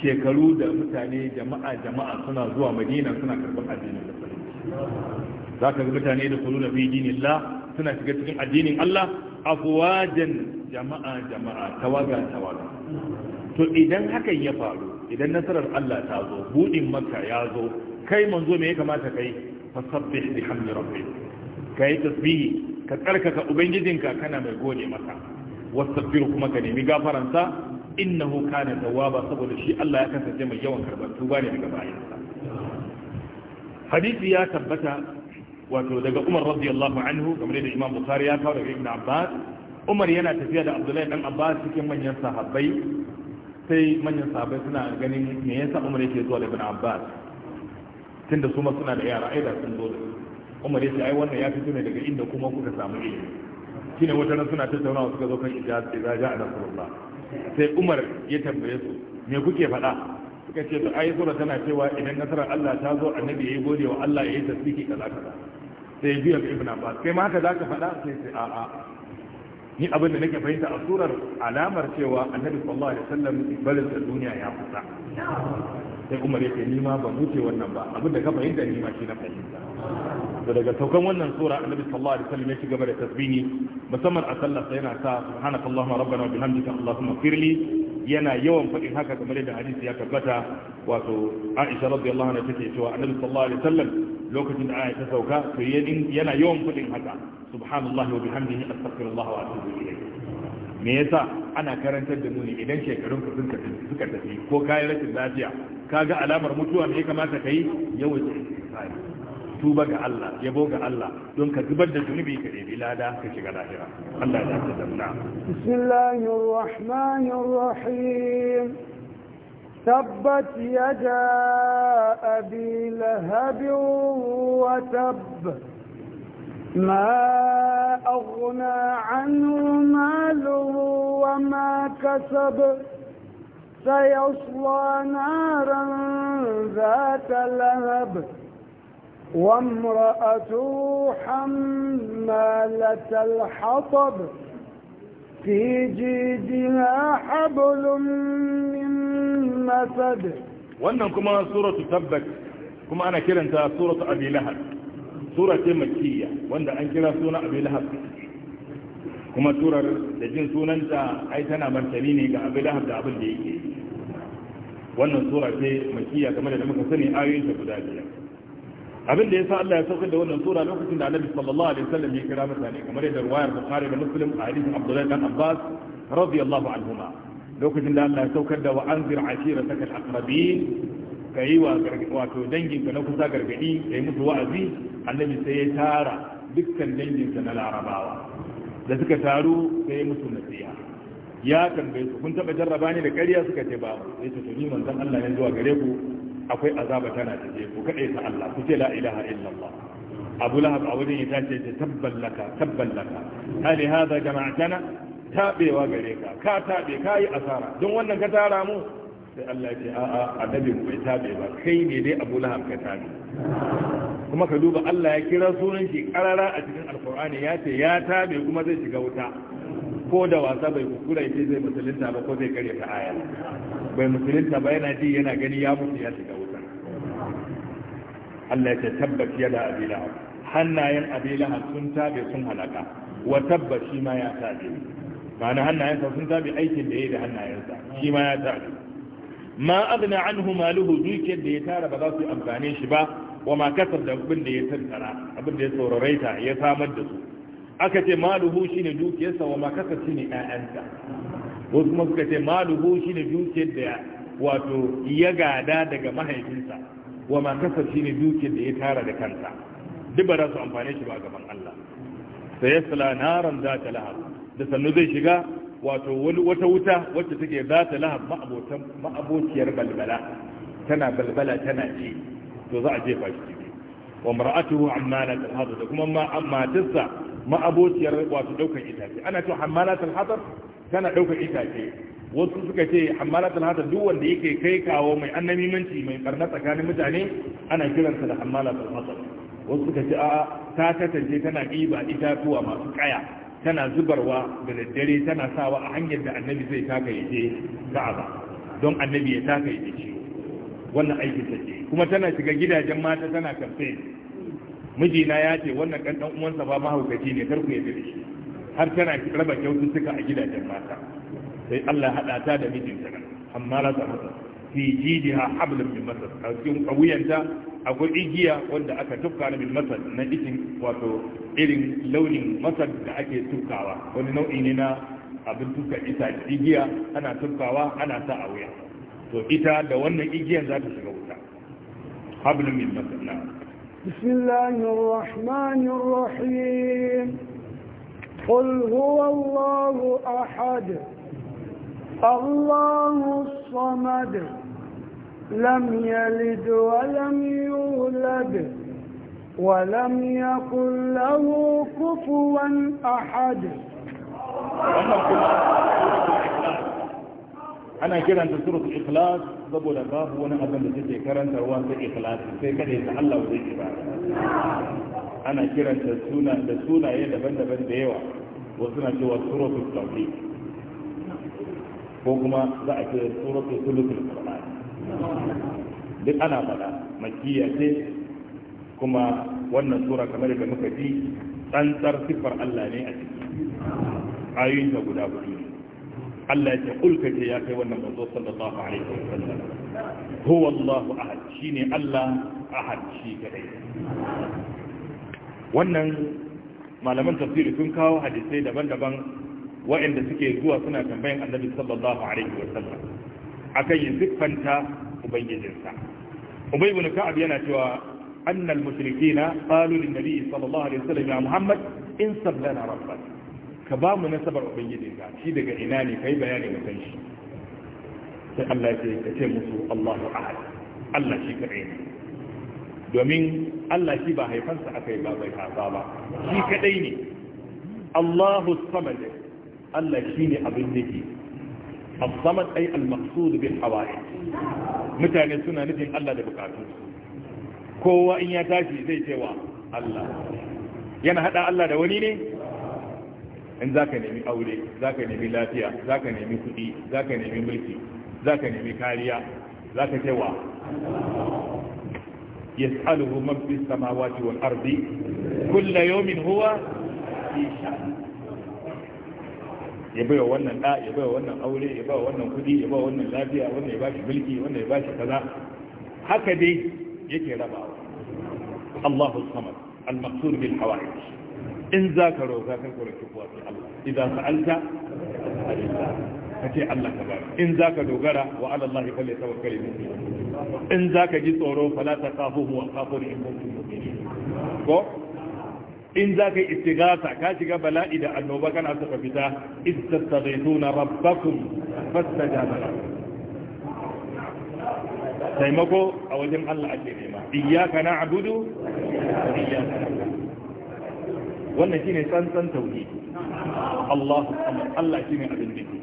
shekaru da mutane jama'a jama'a suna zuwa madina suna karɓar addinin da musulunci za ka ga mutane da kulu da fi dinillah suna shiga cikin addinin Allah Afuwajen jama'a jama'a tawaga tawaga to idan hakan ya faru idan nasarar Allah ta zo buɗin maka ya zo kai manzo me ya kamata kai fasabbih bihamdi rabbik kai tasbihi ka tsarkaka ubangijinka kana mai gode masa wastafiru kuma ka nemi gafaransa innahu kana tawwaba saboda shi Allah ya kasance mai yawan karbar tuba ne daga bayansa hadisi ya tabbata wato daga Umar radiyallahu anhu kamar da Imam Bukhari ya kawo daga Ibn Abbas Umar yana tafiya da Abdullahi dan Abbas cikin manyan sahabbai sai manyan sahabbai suna ganin me yasa Umar yake zuwa da Ibn Abbas tunda su ma suna da yara aida sun zo da Umar ya ce ai wannan ya fito ne daga inda kuma kuka samu ilimi shine wata ran suna tattaunawa suka zo kan ijaza ijaza a rasulullah sai umar ya tambaye su me kuke faɗa suka ce to ayi sura tana cewa idan nasarar Allah ta zo annabi yi gode wa Allah ya yi tasbihi kaza kaza sai ya biya ibn abbas kai ma haka zaka faɗa sai sai a a ni abin da nake fahimta a surar alamar cewa annabi sallallahu alaihi wasallam balin da duniya ya kusa sai umar ya ce ni ma ban wuce wannan ba abin da ka fahimta ni ma shi na fahimta da daga saukan wannan sura annabi sallallahu alaihi wasallam ya ci gaba da tasbini musamman a sallah sai yana sa subhanakallahumma rabbana wa bihamdika allahumma firli yana yawan faɗin haka kamar yadda hadisi ya tabbata wato Aisha radiyallahu anha take cewa Annabi sallallahu alaihi wasallam lokacin da aya ta sauka to yana yawan faɗin haka subhanallahi wa bihamdihi astaghfirullah wa atubu ilayh me yasa ana karantar da mu ne idan shekarun ku sun tafi suka tafi ko kai rashin lafiya kaga alamar mutuwa ne ya kamata kai yawan istighfari tuba ga Allah yabo ga Allah don ka zubar da zunubi ka ɗebi lada ka shiga lahira Allah ya ta zamna bismillahir rahmanir rahim tabbat yada abi lahab wa tab ما أغنى عنه ماله وما كسب سيصلى نارا ذات لهب وامرأته حمالة الحطب في جيدها حبل من مسد wannan kuma suratu tabbat kuma ana kiranta suratu abi lahab sura ce makkiya wanda an kira suna abi lahab kuma turar da jin sunanta ai tana martani ne ga abi lahab da abin da yake wannan sura ce makkiya kamar da muka sani ayoyin ta guda biyar abin da ya sa Allah ya saukar da wannan sura lokacin da Annabi sallallahu alaihi wasallam ya kira mutane kamar yadda riwayar Bukhari da Muslim a hadisin Abdullah bin Abbas radiyallahu anhuma lokacin da Allah ya saukar da wa anzir ashirataka al-aqrabin kai wa wato dangin ka na kusa gargadi kai musu wa'azi Annabi sai ya tara dukkan dangin sa na Larabawa da suka taru sai musu nasiha ya tambaye su kun taba jarraba ne da ƙarya suka ce ba sai ta tuni manzon Allah ya zuwa gare ku akwai azaba tana tafe ku kaɗai ta Allah ku ce la ilaha illallah abu lahab a wajen ya tace ta tabbalaka tabballaka hali hada jama'atana tabewa gare ka ka taɓe ka yi asara don wannan ka tara mu sai Allah ya ce a'a annabi mu bai taɓe ba kai ne dai abu lahab ka taɓe kuma ka duba Allah ya kira sunan shi karara a cikin alkur'ani ya ce ya tabe kuma zai shiga wuta ko da wasa bai kukura ya ce zai musulunta ba ko zai karya ta aya bai musulunta ba yana ji yana gani ya mutu ya shiga wuta Allah ya ce tabbas yada abi lahab hannayen abi sun tabe sun halaka wa tabbas shi ma ya tabe ma'ana hannayensa sun tabe aikin da ya yi da hannayensa shi ma ya tabe ma adna anhu maluhu dukiyar da ya tara ba za su amfane shi ba wa ma kasar da abin da ya tantara abin da ya tsororaita ya samar da su aka ce maluhu shine dukiyarsa wa ma kasar shine ƴaƴanta wasu kuma suka ce shi ne dukiyar da wato ya gada daga mahaifinsa wa ma kasa ne dukiyar da ya tara da kansa duk ba za su amfane shi ba gaban Allah sai ya sala naran za ta lahab da sannu zai shiga wato wata wuta wacce take za ta lahab ma'abociyar balbala tana balbala tana ce to za a jefa shi ciki wa mar'atuhu ammalat al-hadar da kuma matarsa ma'abociyar wato daukar itace ana cewa ammalat al-hadar tana ɗauka itace wasu suka ce hammalatul hata duk wanda yake kai kawo mai annamimanci mai barna tsakanin mutane ana kiransa da hammalatul hata wasu suka ce a ta kasance tana ƙiba itatuwa masu kaya tana zubarwa da daddare tana sawa a hanyar da annabi zai taka ya je ka'aba don annabi ya taka ya je wannan aikin ta ce kuma tana shiga gidajen mata tana kamfe mijina ya ce wannan kan uwansa ba mahaukaci ne kar ku yarda da shi har tana raba kyaututtuka a gidajen mata sai Allah hada ta da mijinta nan amma la ta masa fi jidiha hablum min masar a cikin kawuyanta akwai igiya wanda aka tufka na min masar na itin wato irin launin masar da ake tufkawa wani nau'i ne na abin isa ita igiya ana tufkawa ana sa a wuya to ita da wannan igiyan za ta shiga wuta hablum min masar na بسم الله الرحمن الرحيم قل هو الله أحد الله الصمد لم يلد ولم يولد ولم يقل له كفوا أحد أنا كده أنت سورة الإخلاص قبل لباب وأنا أبنى جدي كرنت رواسي إخلاص سيكاد يتحلى وزيكي بعد ana kiranta suna da sunaye daban-daban da yawa wasu na cewa suratul tauhid ko kuma za a ce suratul sulutul qur'an duk ana faɗa makiyya ce kuma wannan sura kamar da muka ji tsantsar siffar Allah ne a ciki ayoyin da guda hudu ne Allah ya ce kulka ce ya kai wannan manzo sallallahu alaihi wa sallam huwa Allahu ahad shine Allah ahad shi kadai wannan malaman tafsiri sun kawo hadisai daban-daban waɗanda suke zuwa suna tambayan annabi sallallahu alaihi wa sallam akan yin siffanta ubangijinsa ubay ibn ka'ab yana cewa anna al-mushrikeena qalu lin-nabi sallallahu alaihi wa sallam ya muhammad in sablana rabbak ka ba mu nasabar ubangijinka shi daga ina ne kai bayani ga kanshi sai Allah ya ce ka ce musu Allahu ahad Allah shi kadai ne domin Allah shi ba haifansa aka yi ba bai haifa ba shi kadai ne Allahu samad Allah shi ne abin nufi as-samad ay al-maqsud bil hawaij mutane suna nufin Allah da bukatu kowa in ya tashi zai ce wa Allah yana hada Allah da wani ne in zaka nemi aure zaka nemi lafiya zaka nemi kudi zaka nemi mulki zaka nemi kariya zaka ce wa يسأله من في السماوات والأرض كل يوم هو في شأن ya bai wa wannan ɗa ya bai wa wannan aure ya bai wa wannan kudi ya bai wa wannan lafiya wannan ya bashi mulki wannan ya bashi kaza haka dai yake rabawa Allahu samad al-maqsur bil hawaij in zaka roka kai ko roki kuwa sai Allah idan sa'alta ka ce Allah ka bari in za ka dogara wa ala Allah falle tawakkali mu'min in za ka ji tsoro fala ta kafu wa kafu in kuntum mu'minin ko in za ka yi istighatha ka shiga bala'i da annoba kana so ka fita istastaghaithuna rabbakum fastajaba lakum taimako a wajen Allah ake nema iyyaka na'budu wa iyyaka nasta'in wannan shine tsantsan tauhid Allah Allah shine abin da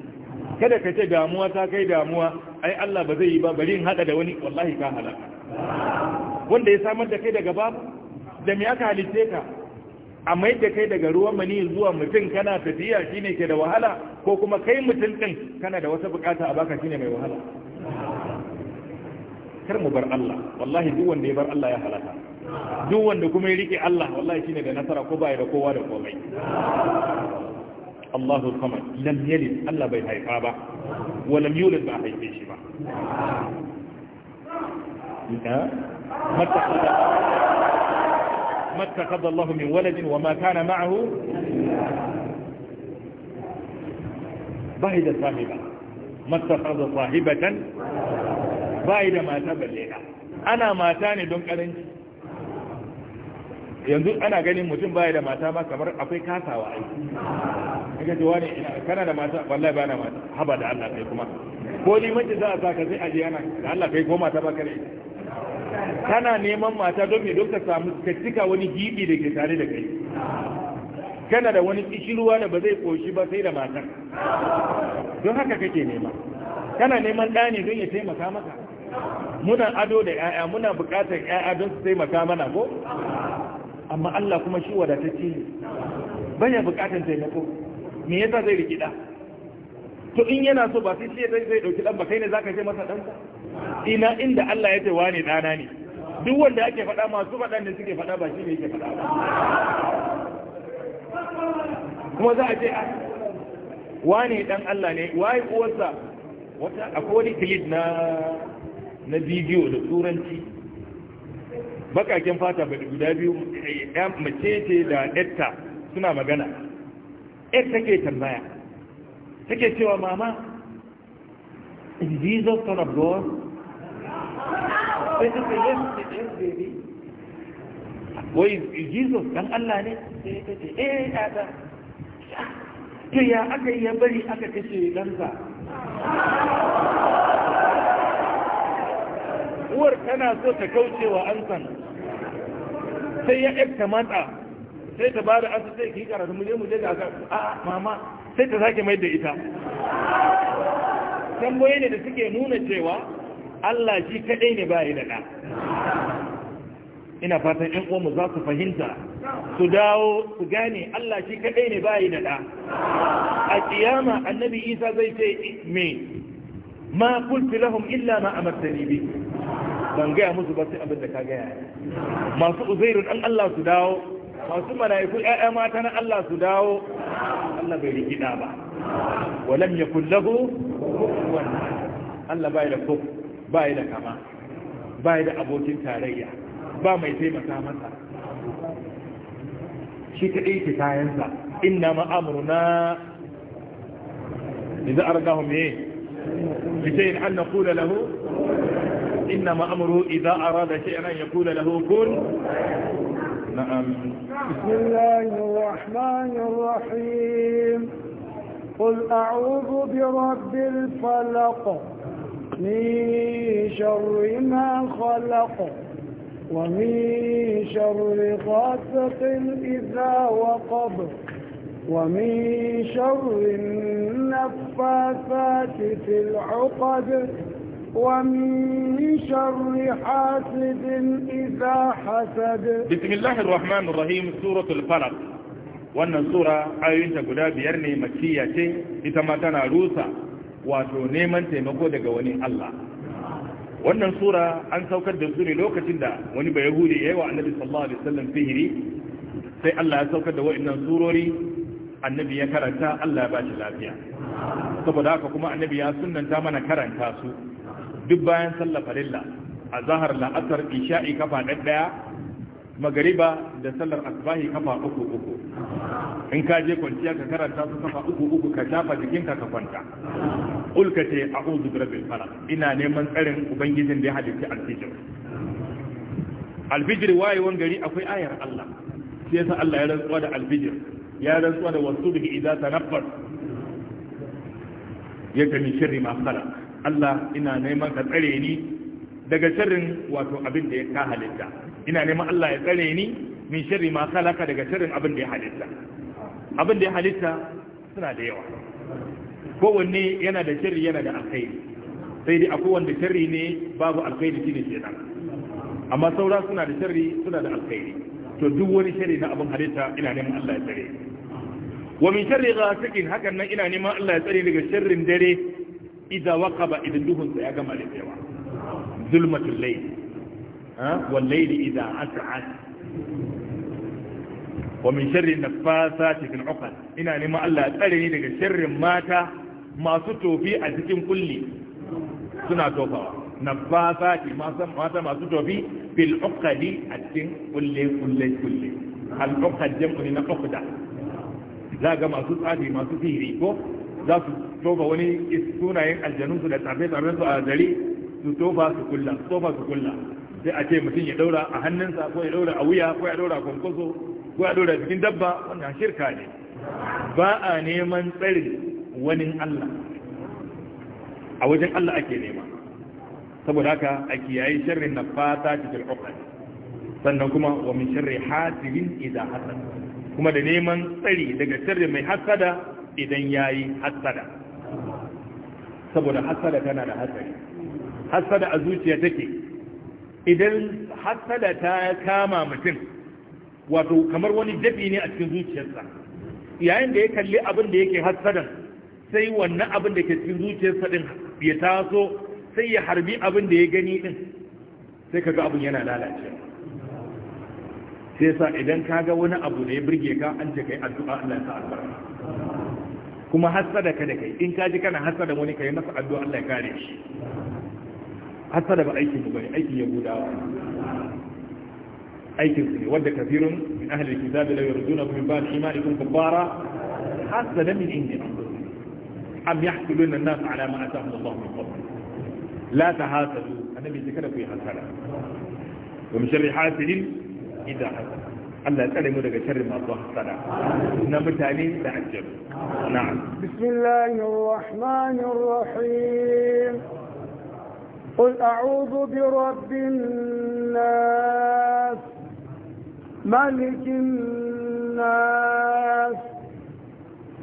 kada ka ce damuwa ta kai damuwa ai Allah ba zai yi ba bari in hada da wani wallahi ka halaka wanda ya samar da kai daga babu da me aka halitte ka a mai da kai daga ruwan mani zuwa mutum kana tafiya shine ke da wahala ko kuma kai mutum din kana da wata bukata a baka shine mai wahala kar mu bar Allah wallahi duk wanda ya bar Allah ya halaka duk wanda kuma ya rike Allah wallahi shine da nasara ko ba ya da kowa da komai Allahu samad lam yalid Allah bai haifa ba wa lam yulad ba haife shi ba ما اتخذ الله من ولد وما كان معه بعد صاحبة ما اتخذ صاحبة بعد ما تبلغ أنا ما تاني دون قرنج yanzu ana ganin mutum baya da mata ba kamar akwai kasawa aiki kaga da wani kana da mata wallahi bana mata haba da Allah kai kuma ko limanci za a saka sai aje yana da Allah kai ko mata ba kare kana neman mata don me don ka samu ka cika wani gibi da ke tare da kai kana da wani kishirwa da ba zai koshi ba sai da mata don haka kake nema kana neman ɗa ne don ya taimaka maka muna ado da 'ya'ya muna buƙatar 'ya'ya don su taimaka mana ko amma Allah kuma shi wadatacce ne ya buƙatar taimako me yasa zai riki ɗan to in yana so ba sai sai zai zai ɗauki ɗan ba kai ne za ka ce masa ɗan ina inda Allah ya ce wane ɗana ne duk wanda ake faɗa masu faɗan ne suke faɗa ba shi ne yake faɗa ba kuma za a ce ah, wani ɗan Allah ne waye uwarsa wata akwai wani clip na na bidiyo da turanci bakaken fata ba guda biyu eh, mace ce da ɗatta suna magana ɗan take tambaya take cewa mama is jesus son of god sai ta ce yes yes baby wai jesus dan allah ne sai ta eh ya ta to ya aka yi ya bari aka kashe ɗansa uwar tana so ta kaucewa an san. sai ya ta mata. sai ta bada asu sai ki karatu mu je mu je ga aka a mama sai ta sake mai da ita tamboye ne da suke nuna cewa Allah shi kadai ne bai da da ina fatan ƴan uwanmu za su fahimta su dawo su gane Allah shi kadai ne bai da da a kiyama annabi Isa zai ce me ma kulti lahum illa ma amartani bi ban gaya musu ba sai abin da ka gaya masu uzairu dan Allah su dawo masu mala'iku ƴaƴa mata na Allah su dawo Allah bai rigida ba walam yakul lahu kufuwan Allah bai da kuf bai da kama bai da abokin tarayya ba mai taimaka masa shi ta kadai kitayensa inna ma amruna idan argahum eh بشيء أن نقول له إنما أمره إذا أراد شيئا أن يقول له كن نعم بسم الله الرحمن الرحيم قل أعوذ برب الفلق من شر ما خلق ومن شر غاسق إذا وقب ومن شر النفاثات في العقد ومن شر حاسد إذا حسد بسم الله الرحمن الرحيم سورة الفلق wannan sura ayoyinta guda biyar ne makiya ce ita ma tana rusa wato neman taimako daga wani Allah wannan sura an saukar da su ne lokacin da wani bai yahudi ya yi wa annabi sallallahu alaihi wasallam sihiri sai Allah ya saukar da wa'annan surori annabi ya karanta Allah ya ba shi lafiya saboda haka kuma annabi ya sunnanta mana karanta su duk bayan sallah farilla a zahar la'asar isha'i kafa ɗaya magariba da sallar asbahi kafa uku uku in ka je kwanciya ka karanta su kafa uku uku ka shafa jikinka ka kwanta ulka ce a uzu birabin fara ina neman tsarin ubangijin da ya halitta alfijir alfijir wayewan gari akwai ayar Allah sai yasa Allah ya rantsuwa da alfijir ya rantsuwa da wasu daga da idza tanaffas ya kani shirri ma Allah ina neman ka tsare ni daga sharrin wato abin da ya ka halitta ina neman Allah ya tsare ni min sharri ma khalaqa daga sharrin abin da ya halitta abin da ya halitta suna da yawa kowanne yana da sharri yana da alkhairi sai dai akwai wanda sharri ne babu alkhairi shine kenan amma saura suna da sharri suna da alkhairi to duk wani sharri na abin halitta ina neman Allah ya tsare wa min sharri ghasiqin hakan nan ina neman Allah ya tsare daga sharrin dare idza waqaba idan duhunsa ya gama rufewa zulmatul layl ha wal layl idza as'as wa min sharri naffasati fil 'uqad ina neman Allah ya tsare ni daga sharrin mata masu tofi a cikin kulli suna tofawa naffasati mata masu tofi fil 'uqadi a cikin kulle kulle kulle al 'uqad jam'u na 'uqda za ga masu tsafi masu sihiri ko za su tofa wani sunayen aljanunsu da tafe su a zari su tofa su kulla su tofa su kulla sai a ce mutum ya daura a hannunsa ko ya daura a wuya ko ya daura a kwankwaso ko ya daura cikin dabba wannan shirka ne ba a neman tsari wani Allah a wajen Allah ake nema saboda haka a kiyaye sharrin na fata cikin ƙwaƙwari sannan kuma wa min sharri hasirin idan hasan kuma da neman tsari daga shirin mai hasada idan ya yi hassada saboda hassada tana da hassari, hassada a zuciya take idan hassada ta kama mutum wato kamar wani dafi ne a cikin zuciyarsa yayin da ya kalli abin da yake hassadan sai wannan abin da ke cikin zuciyarsa din ya taso sai ya harbi abin da ya gani din sai kaga abin yana lalacewa sai sa idan ka ga wani abu da ya birge ka an ce kai addu'a Allah ya sa albarka kuma hasada ka da kai in ka ji kana hasada wani kai masa addu'a Allah ya kare shi hasada ba aikin mu bane aikin yahudawa aikin su ne wanda kafirun min ahli alkitab la yurduna min ba'd imanikum kuffara hasada min indi am yahsuluna an-nas ala ma atahum Allah min qabl la tahasadu annabi kada ku yi hasada wa min sharri hasidin idha hasada Allah tsare mu daga sharri masu hasada na mutane da aljanu na'am bismillahir rahmanir rahim قل أعوذ برب الناس ملك الناس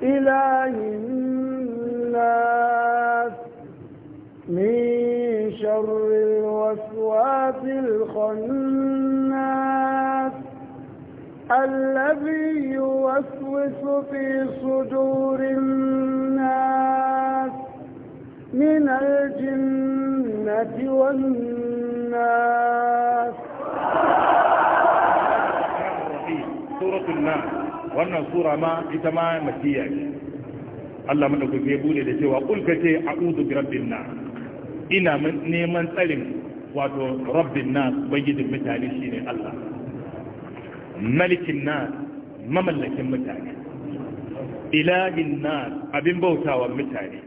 إله الناس من شر الوسواس الخناس الذي يوسوس في صدور الناس من الجنة والناس سورة الناس وانا سورة ما اتماع مسيح الله من أقول جيبولي لتي وقل كتي اعوذ برب الناس انا من نيمان تلم وادو رب الناس بيجد المتالي شيني الله malikin na mamallakin mutane ilahin na abin bautawan mutane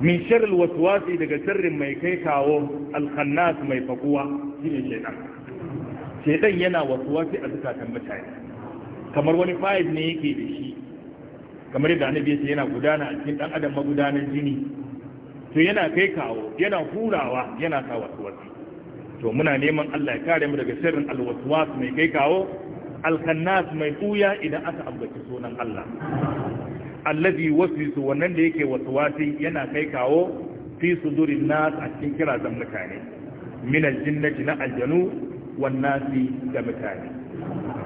min sharil waswasi daga sirrin mai kai kawo alkhannas mai fakuwa shine shedan shedan yana waswasi a zukatan mutane kamar wani fayil ne yake da shi kamar yadda annabi yana gudana a cikin dan adam magudanar jini to yana kai kawo yana hurawa yana sa waswasi to muna neman Allah ya kare mu daga sirrin alwaswas mai kai kawo alkannas mai ɓuya idan aka ambaci sunan Allah allazi waswisu wannan da yake waswasi yana kai kawo fi sudurin nas a cikin kirazan mutane min aljinnati na aljanu wan nasi da mutane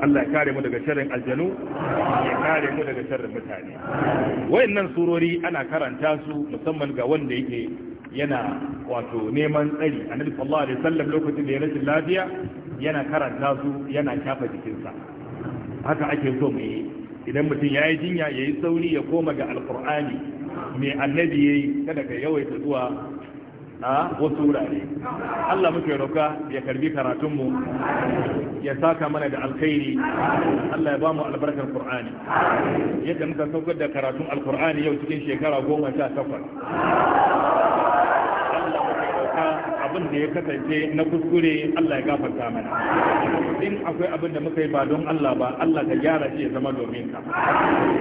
Allah ya kare mu daga sharrin aljanu ya kare mu daga sharrin mutane wayannan surori ana karanta su musamman ga wanda yake yana wato neman tsari annabi sallallahu alaihi wasallam lokacin da ya rashin lafiya yana karanta su yana shafa jikinsa haka ake so mu yi idan mutum ya yi jinya ya yi sauri ya koma ga alkur'ani mai annabi ya yi kada ka yawaita zuwa a wasu wurare Allah muke roka ya karbi karatunmu ya saka mana da alkhairi Allah ya ba mu albarkar Qur'ani yadda muka saukar da karatun alkur'ani yau cikin shekara goma sha takwas gafarta abin da ya kasance na kuskure Allah ya gafarta mana in akwai abin da muka yi ba don Allah ba Allah ka gyara shi ya zama domin ka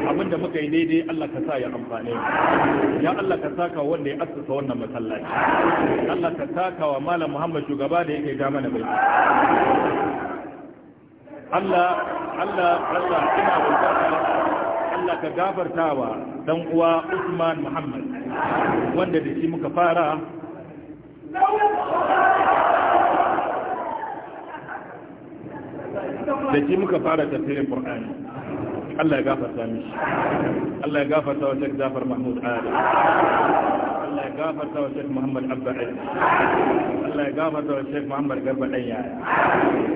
abin da muka yi daidai Allah ka sa ya amfane ya Allah ka saka wanda ya assasa wannan masallaci Allah ka saka wa malam Muhammad shugaba da yake ga mana bai Allah Allah Allah ina bukata Allah ka gafartawa dan uwa Usman Muhammad wanda da shi muka fara da ke muka fara tafiyar qur'ani Allah ya gafarta mishi Allah ya gafarta wa Sheikh Jafar Mahmud Ali Allah ya gafarta wa Sheikh Muhammad Abba Ali Allah ya gafarta wa Sheikh Muhammad Garba Danya yaya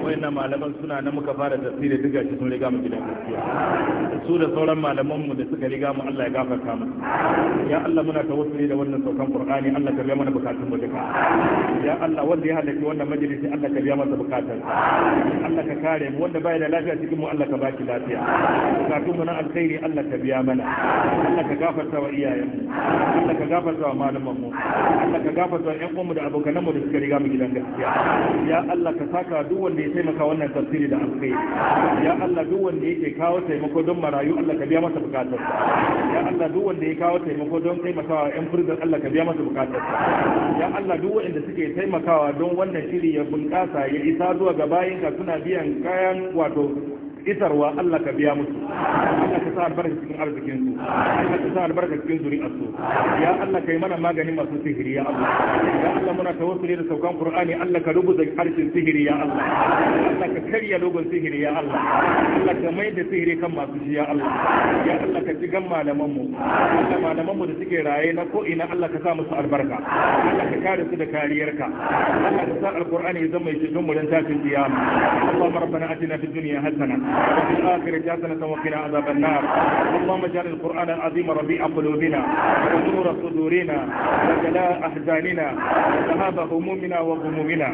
wayannan malaman suna na muka fara tafsiri duka shi sun riga mu gidan gaskiya su da sauran malaman mu da suka riga mu Allah ya gafarta mu ya Allah muna tawassuli da wannan saukan Qur'ani Allah ka biya mana bukatun mu duka ya Allah wanda ya halarci wannan majalisi Allah ka biya masa bukatun Allah ka kare mu wanda bai da lafiya cikin mu Allah ka baki lafiya bukatunmu na alkhairi Allah ka biya mana Allah ka gafarta wa iyayenmu Allah ka gafarta wa malamanmu Allah ka gafarta wa ƴan uwanmu da abokananmu da suka riga mu gidan gaskiya ya Allah ka saka duk wanda ya taimaka wannan tafsiri da alkhairi ya Allah duk wanda yake kawo taimako don marayu Allah ka biya masa bukatarsa ya Allah duk wanda ya kawo taimako don taimakawa ƴan furzan Allah ka biya masa bukatarsa ya Allah duk wanda suke taimakawa don wannan shiri ya bunƙasa ya isa zuwa ga bayinka suna biyan kayan wato isarwa Allah ka biya musu Allah ka sa albarka cikin arzikin su Allah ka sa albarka cikin zuri'ar su ya Allah kai mana magani masu sihiri ya Allah ya Allah muna tawassuli da saukan Qur'ani Allah ka rubuta harshen sihiri ya Allah Allah ka karya logon sihiri ya Allah Allah ka mai da sihiri kan masu shi ya Allah ya Allah ka ci gan malaman mu Allah malaman mu da suke raye na ko ina Allah ka sa musu albarka Allah ka kare su da kariyarka Allah ka sa alqur'ani ya zama mai cikin mu dan tashin kiyama اللهم ربنا اتنا في الدنيا حسنه وفي الآخرة حسنة وقنا عذاب النار اللهم اجعل القرآن العظيم ربيع قلوبنا ونور صدورنا وجلاء أحزاننا وذهاب همومنا وغمومنا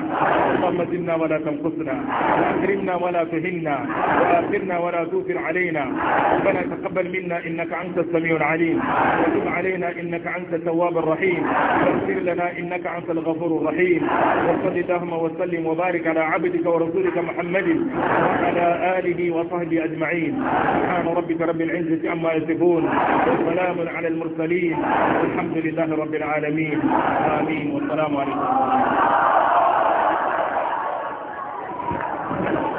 اللهم زدنا ولا تنقصنا وأكرمنا ولا تهنا وآثرنا ولا توفر علينا ربنا تقبل منا إنك أنت السميع العليم وتب علينا إنك أنت التواب الرحيم واغفر لنا إنك أنت الغفور الرحيم وصل اللهم وسلم وبارك على عبدك ورسولك محمد وعلى آله وآله وصحبه أجمعين سبحان ربك رب العزة أما يصفون والسلام على المرسلين والحمد لله رب العالمين آمين والسلام عليكم